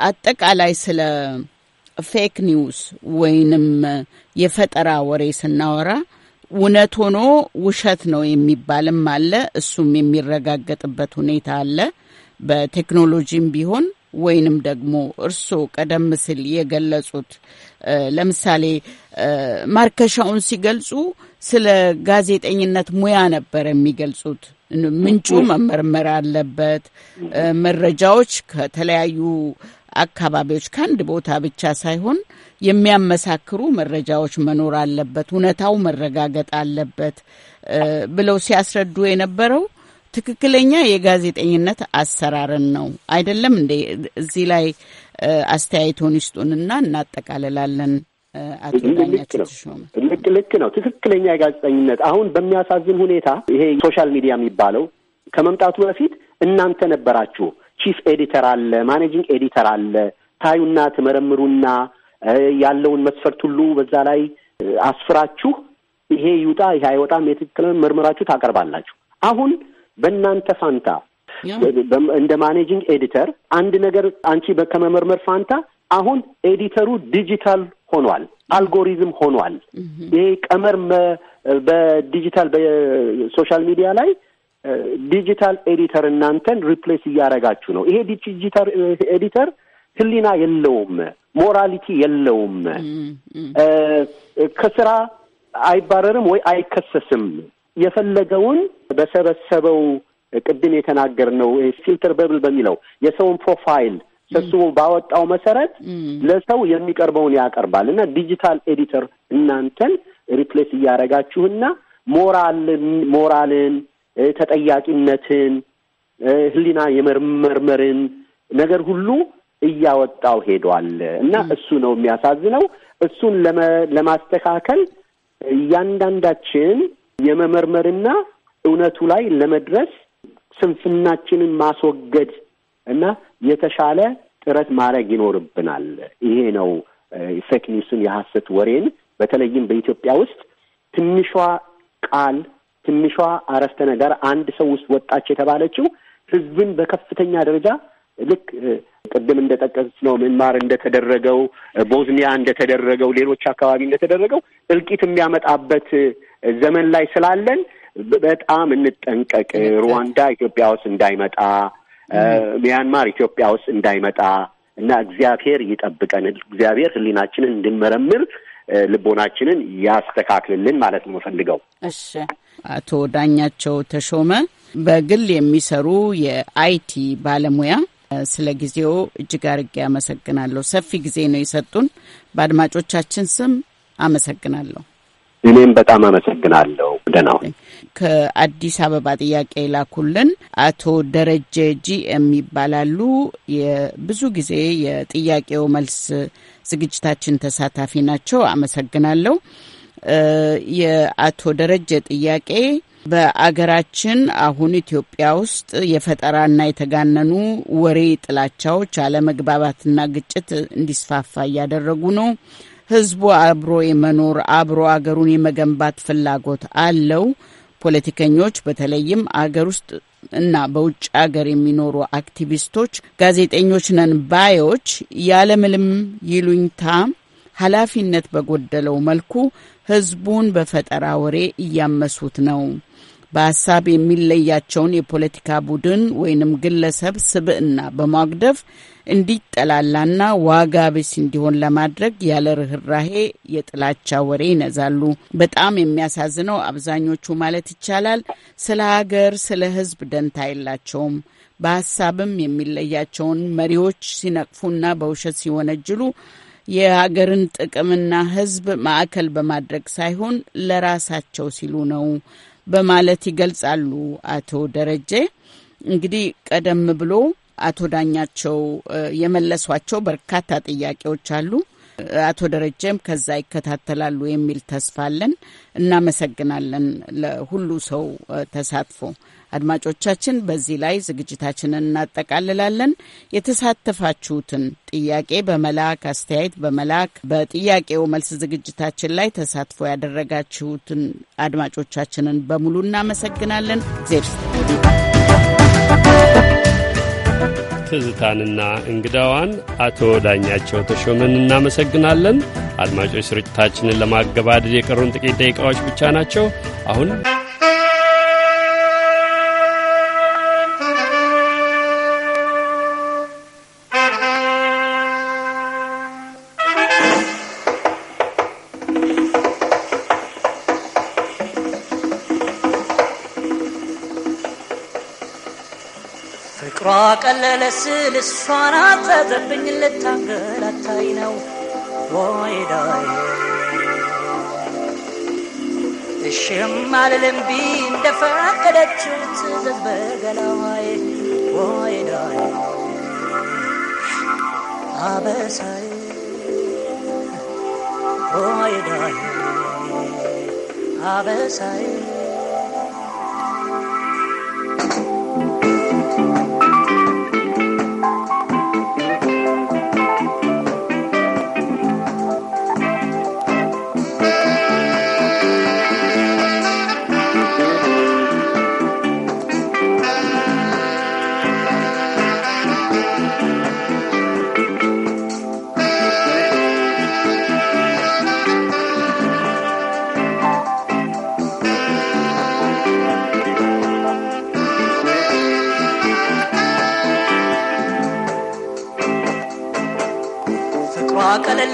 አጠቃላይ ስለ ፌክ ኒውስ ወይንም የፈጠራ ወሬ ስናወራ እውነት ሆኖ ውሸት ነው የሚባልም አለ። እሱም የሚረጋገጥበት ሁኔታ አለ በቴክኖሎጂም ቢሆን ወይንም ደግሞ እርስዎ ቀደም ሲል የገለጹት ለምሳሌ ማርከሻውን ሲገልጹ ስለ ጋዜጠኝነት ሙያ ነበር የሚገልጹት። ምንጩ መመርመር አለበት፣ መረጃዎች ከተለያዩ አካባቢዎች ከአንድ ቦታ ብቻ ሳይሆን የሚያመሳክሩ መረጃዎች መኖር አለበት፣ እውነታው መረጋገጥ አለበት ብለው ሲያስረዱ የነበረው ትክክለኛ የጋዜጠኝነት አሰራርን ነው። አይደለም እንዴ? እዚህ ላይ አስተያየቱን ይስጡንና እናጠቃልላለን። ልክ ልክ ነው፣ ትክክለኛ የጋዜጠኝነት አሁን በሚያሳዝን ሁኔታ ይሄ ሶሻል ሚዲያ የሚባለው ከመምጣቱ በፊት እናንተ ነበራችሁ። ቺፍ ኤዲተር አለ፣ ማኔጂንግ ኤዲተር አለ። ታዩና ትመረምሩና ያለውን መስፈርት ሁሉ በዛ ላይ አስፍራችሁ ይሄ ይውጣ ይሄ አይወጣም የትክክል መርምራችሁ ታቀርባላችሁ። አሁን በእናንተ ፋንታ እንደ ማኔጂንግ ኤዲተር አንድ ነገር አንቺ ከመመርመር ፋንታ አሁን ኤዲተሩ ዲጂታል ሆኗል፣ አልጎሪዝም ሆኗል። ይሄ ቀመር በዲጂታል በሶሻል ሚዲያ ላይ ዲጂታል ኤዲተር እናንተን ሪፕሌስ እያደረጋችሁ ነው። ይሄ ዲጂታል ኤዲተር ህሊና የለውም፣ ሞራሊቲ የለውም። ከስራ አይባረርም ወይ አይከሰስም። የፈለገውን በሰበሰበው ቅድም የተናገርነው ፊልተር በብል በሚለው የሰውን ፕሮፋይል ሰብስቦ ባወጣው መሰረት ለሰው የሚቀርበውን ያቀርባል እና ዲጂታል ኤዲተር እናንተን ሪፕሌስ እያደረጋችሁና ሞራልን ሞራልን ተጠያቂነትን ህሊና የመርመርን ነገር ሁሉ እያወጣው ሄዷል እና እሱ ነው የሚያሳዝነው። እሱን ለማስተካከል እያንዳንዳችን የመመርመርና እውነቱ ላይ ለመድረስ ስንፍናችንን ማስወገድ እና የተሻለ ጥረት ማድረግ ይኖርብናል። ይሄ ነው ፌክ ኒውስን የሐሰት ወሬን በተለይም በኢትዮጵያ ውስጥ ትንሿ ቃል ትንሿ አረፍተ ነገር አንድ ሰው ውስጥ ወጣች የተባለችው ህዝብን በከፍተኛ ደረጃ ልክ ቅድም ነው ምንማር እንደተደረገው ቦዝኒያ እንደተደረገው ሌሎች አካባቢ እንደተደረገው እልቂት የሚያመጣበት ዘመን ላይ ስላለን በጣም እንጠንቀቅ። ሩዋንዳ ኢትዮጵያ ውስጥ እንዳይመጣ፣ ሚያንማር ኢትዮጵያ ውስጥ እንዳይመጣ እና እግዚአብሔር ይጠብቀን። እግዚአብሔር ሕሊናችንን እንድንመረምር ልቦናችንን ያስተካክልልን ማለት ነው የምፈልገው። እሺ፣ አቶ ዳኛቸው ተሾመ በግል የሚሰሩ የአይቲ ባለሙያ ስለ ጊዜው እጅግ አድርጌ አመሰግናለሁ። ሰፊ ጊዜ ነው የሰጡን። በአድማጮቻችን ስም አመሰግናለሁ። እኔም በጣም አመሰግናለሁ። ደህና ከአዲስ አበባ ጥያቄ ላኩልን። አቶ ደረጀ ጂኤም ይባላሉ። ብዙ ጊዜ የጥያቄው መልስ ዝግጅታችን ተሳታፊ ናቸው። አመሰግናለሁ። የአቶ ደረጀ ጥያቄ በአገራችን አሁን ኢትዮጵያ ውስጥ የፈጠራና የተጋነኑ ወሬ ጥላቻዎች፣ አለመግባባትና ግጭት እንዲስፋፋ እያደረጉ ነው። ህዝቡ አብሮ የመኖር አብሮ አገሩን የመገንባት ፍላጎት አለው። ፖለቲከኞች በተለይም አገር ውስጥ እና በውጭ አገር የሚኖሩ አክቲቪስቶች፣ ጋዜጠኞች ነን ባዮች ያለምልም ይሉኝታ ኃላፊነት በጎደለው መልኩ ህዝቡን በፈጠራ ወሬ እያመሱት ነው። በሀሳብ የሚለያቸውን የፖለቲካ ቡድን ወይንም ግለሰብ ስብዕና በማግደፍ። እንዲጠላላና ዋጋ ቢስ እንዲሆን ለማድረግ ያለ ርኅራሄ የጥላቻ ወሬ ይነዛሉ። በጣም የሚያሳዝነው አብዛኞቹ ማለት ይቻላል ስለ ሀገር፣ ስለ ህዝብ ደንታ የላቸውም። በሀሳብም የሚለያቸውን መሪዎች ሲነቅፉና በውሸት ሲወነጅሉ የሀገርን ጥቅምና ህዝብ ማዕከል በማድረግ ሳይሆን ለራሳቸው ሲሉ ነው በማለት ይገልጻሉ አቶ ደረጀ። እንግዲህ ቀደም ብሎ አቶ ዳኛቸው የመለሷቸው በርካታ ጥያቄዎች አሉ። አቶ ደረጀም ከዛ ይከታተላሉ የሚል ተስፋ አለን። እናመሰግናለን ለሁሉ ሰው ተሳትፎ። አድማጮቻችን በዚህ ላይ ዝግጅታችንን እናጠቃልላለን። የተሳተፋችሁትን ጥያቄ በመላክ አስተያየት በመላክ በጥያቄው መልስ ዝግጅታችን ላይ ተሳትፎ ያደረጋችሁትን አድማጮቻችንን በሙሉ እናመሰግናለን። ዜርስ ትዝታንና እንግዳዋን አቶ ዳኛቸው ተሾመን እናመሰግናለን። አድማጮች ስርጭታችንን ለማገባደድ የቀሩን ጥቂት ደቂቃዎች ብቻ ናቸው አሁን አቀለለ ስል እሷን አጠገብኝ ልታንገላታይ ነው ወይዳ እሽም አልልም ቢ እንደፈቀደች ትዘዝ በገላዋይ ወይዳ አበሳይ ወይዳ አበሳይ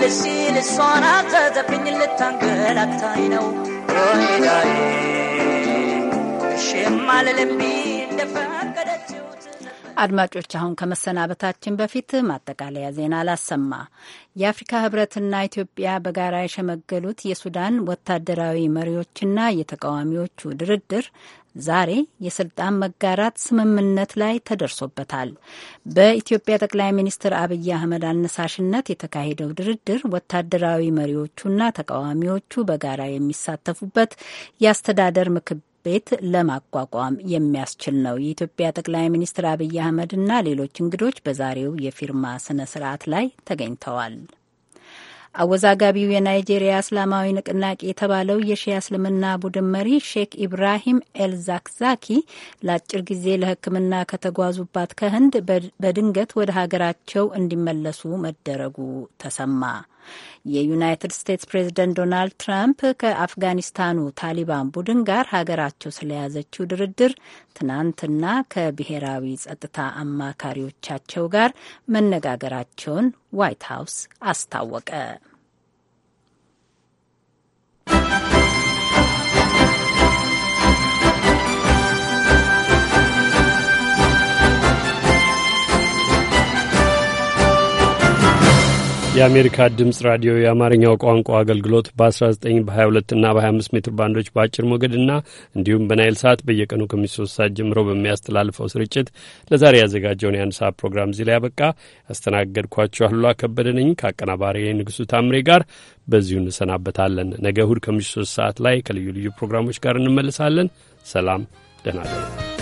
አዘዘብኝ ልታንገላታኝ ነው አድማጮች አሁን ከመሰናበታችን በፊት ማጠቃለያ ዜና አላሰማ። የአፍሪካ ህብረትና ኢትዮጵያ በጋራ የሸመገሉት የሱዳን ወታደራዊ መሪዎችና የተቃዋሚዎቹ ድርድር ዛሬ የስልጣን መጋራት ስምምነት ላይ ተደርሶበታል። በኢትዮጵያ ጠቅላይ ሚኒስትር አብይ አህመድ አነሳሽነት የተካሄደው ድርድር ወታደራዊ መሪዎቹና ተቃዋሚዎቹ በጋራ የሚሳተፉበት የአስተዳደር ምክብ ቤት ለማቋቋም የሚያስችል ነው። የኢትዮጵያ ጠቅላይ ሚኒስትር አብይ አህመድ እና ሌሎች እንግዶች በዛሬው የፊርማ ስነ ስርዓት ላይ ተገኝተዋል። አወዛጋቢው የናይጄሪያ እስላማዊ ንቅናቄ የተባለው የሺያ እስልምና ቡድን መሪ ሼክ ኢብራሂም ኤልዛክዛኪ ለአጭር ጊዜ ለሕክምና ከተጓዙባት ከህንድ በድንገት ወደ ሀገራቸው እንዲመለሱ መደረጉ ተሰማ። የዩናይትድ ስቴትስ ፕሬዝደንት ዶናልድ ትራምፕ ከአፍጋኒስታኑ ታሊባን ቡድን ጋር ሀገራቸው ስለያዘችው ድርድር ትናንትና ከብሔራዊ ጸጥታ አማካሪዎቻቸው ጋር መነጋገራቸውን ዋይት ሀውስ አስታወቀ። የአሜሪካ ድምፅ ራዲዮ የአማርኛው ቋንቋ አገልግሎት በ19 በ22 እና በ25 ሜትር ባንዶች በአጭር ሞገድና እንዲሁም በናይል ሰዓት በየቀኑ ከምሽቱ ሰዓት ጀምሮ በሚያስተላልፈው ስርጭት ለዛሬ ያዘጋጀውን የአንድ ሰዓት ፕሮግራም እዚህ ላይ ያበቃ። ያስተናገድኳችሁ አሉላ ከበደ ነኝ ከአቀናባሪ ንጉሱ ታምሬ ጋር በዚሁ እንሰናበታለን። ነገ እሁድ ከምሽቱ ሰዓት ላይ ከልዩ ልዩ ፕሮግራሞች ጋር እንመልሳለን። ሰላም፣ ደህና ደሩ።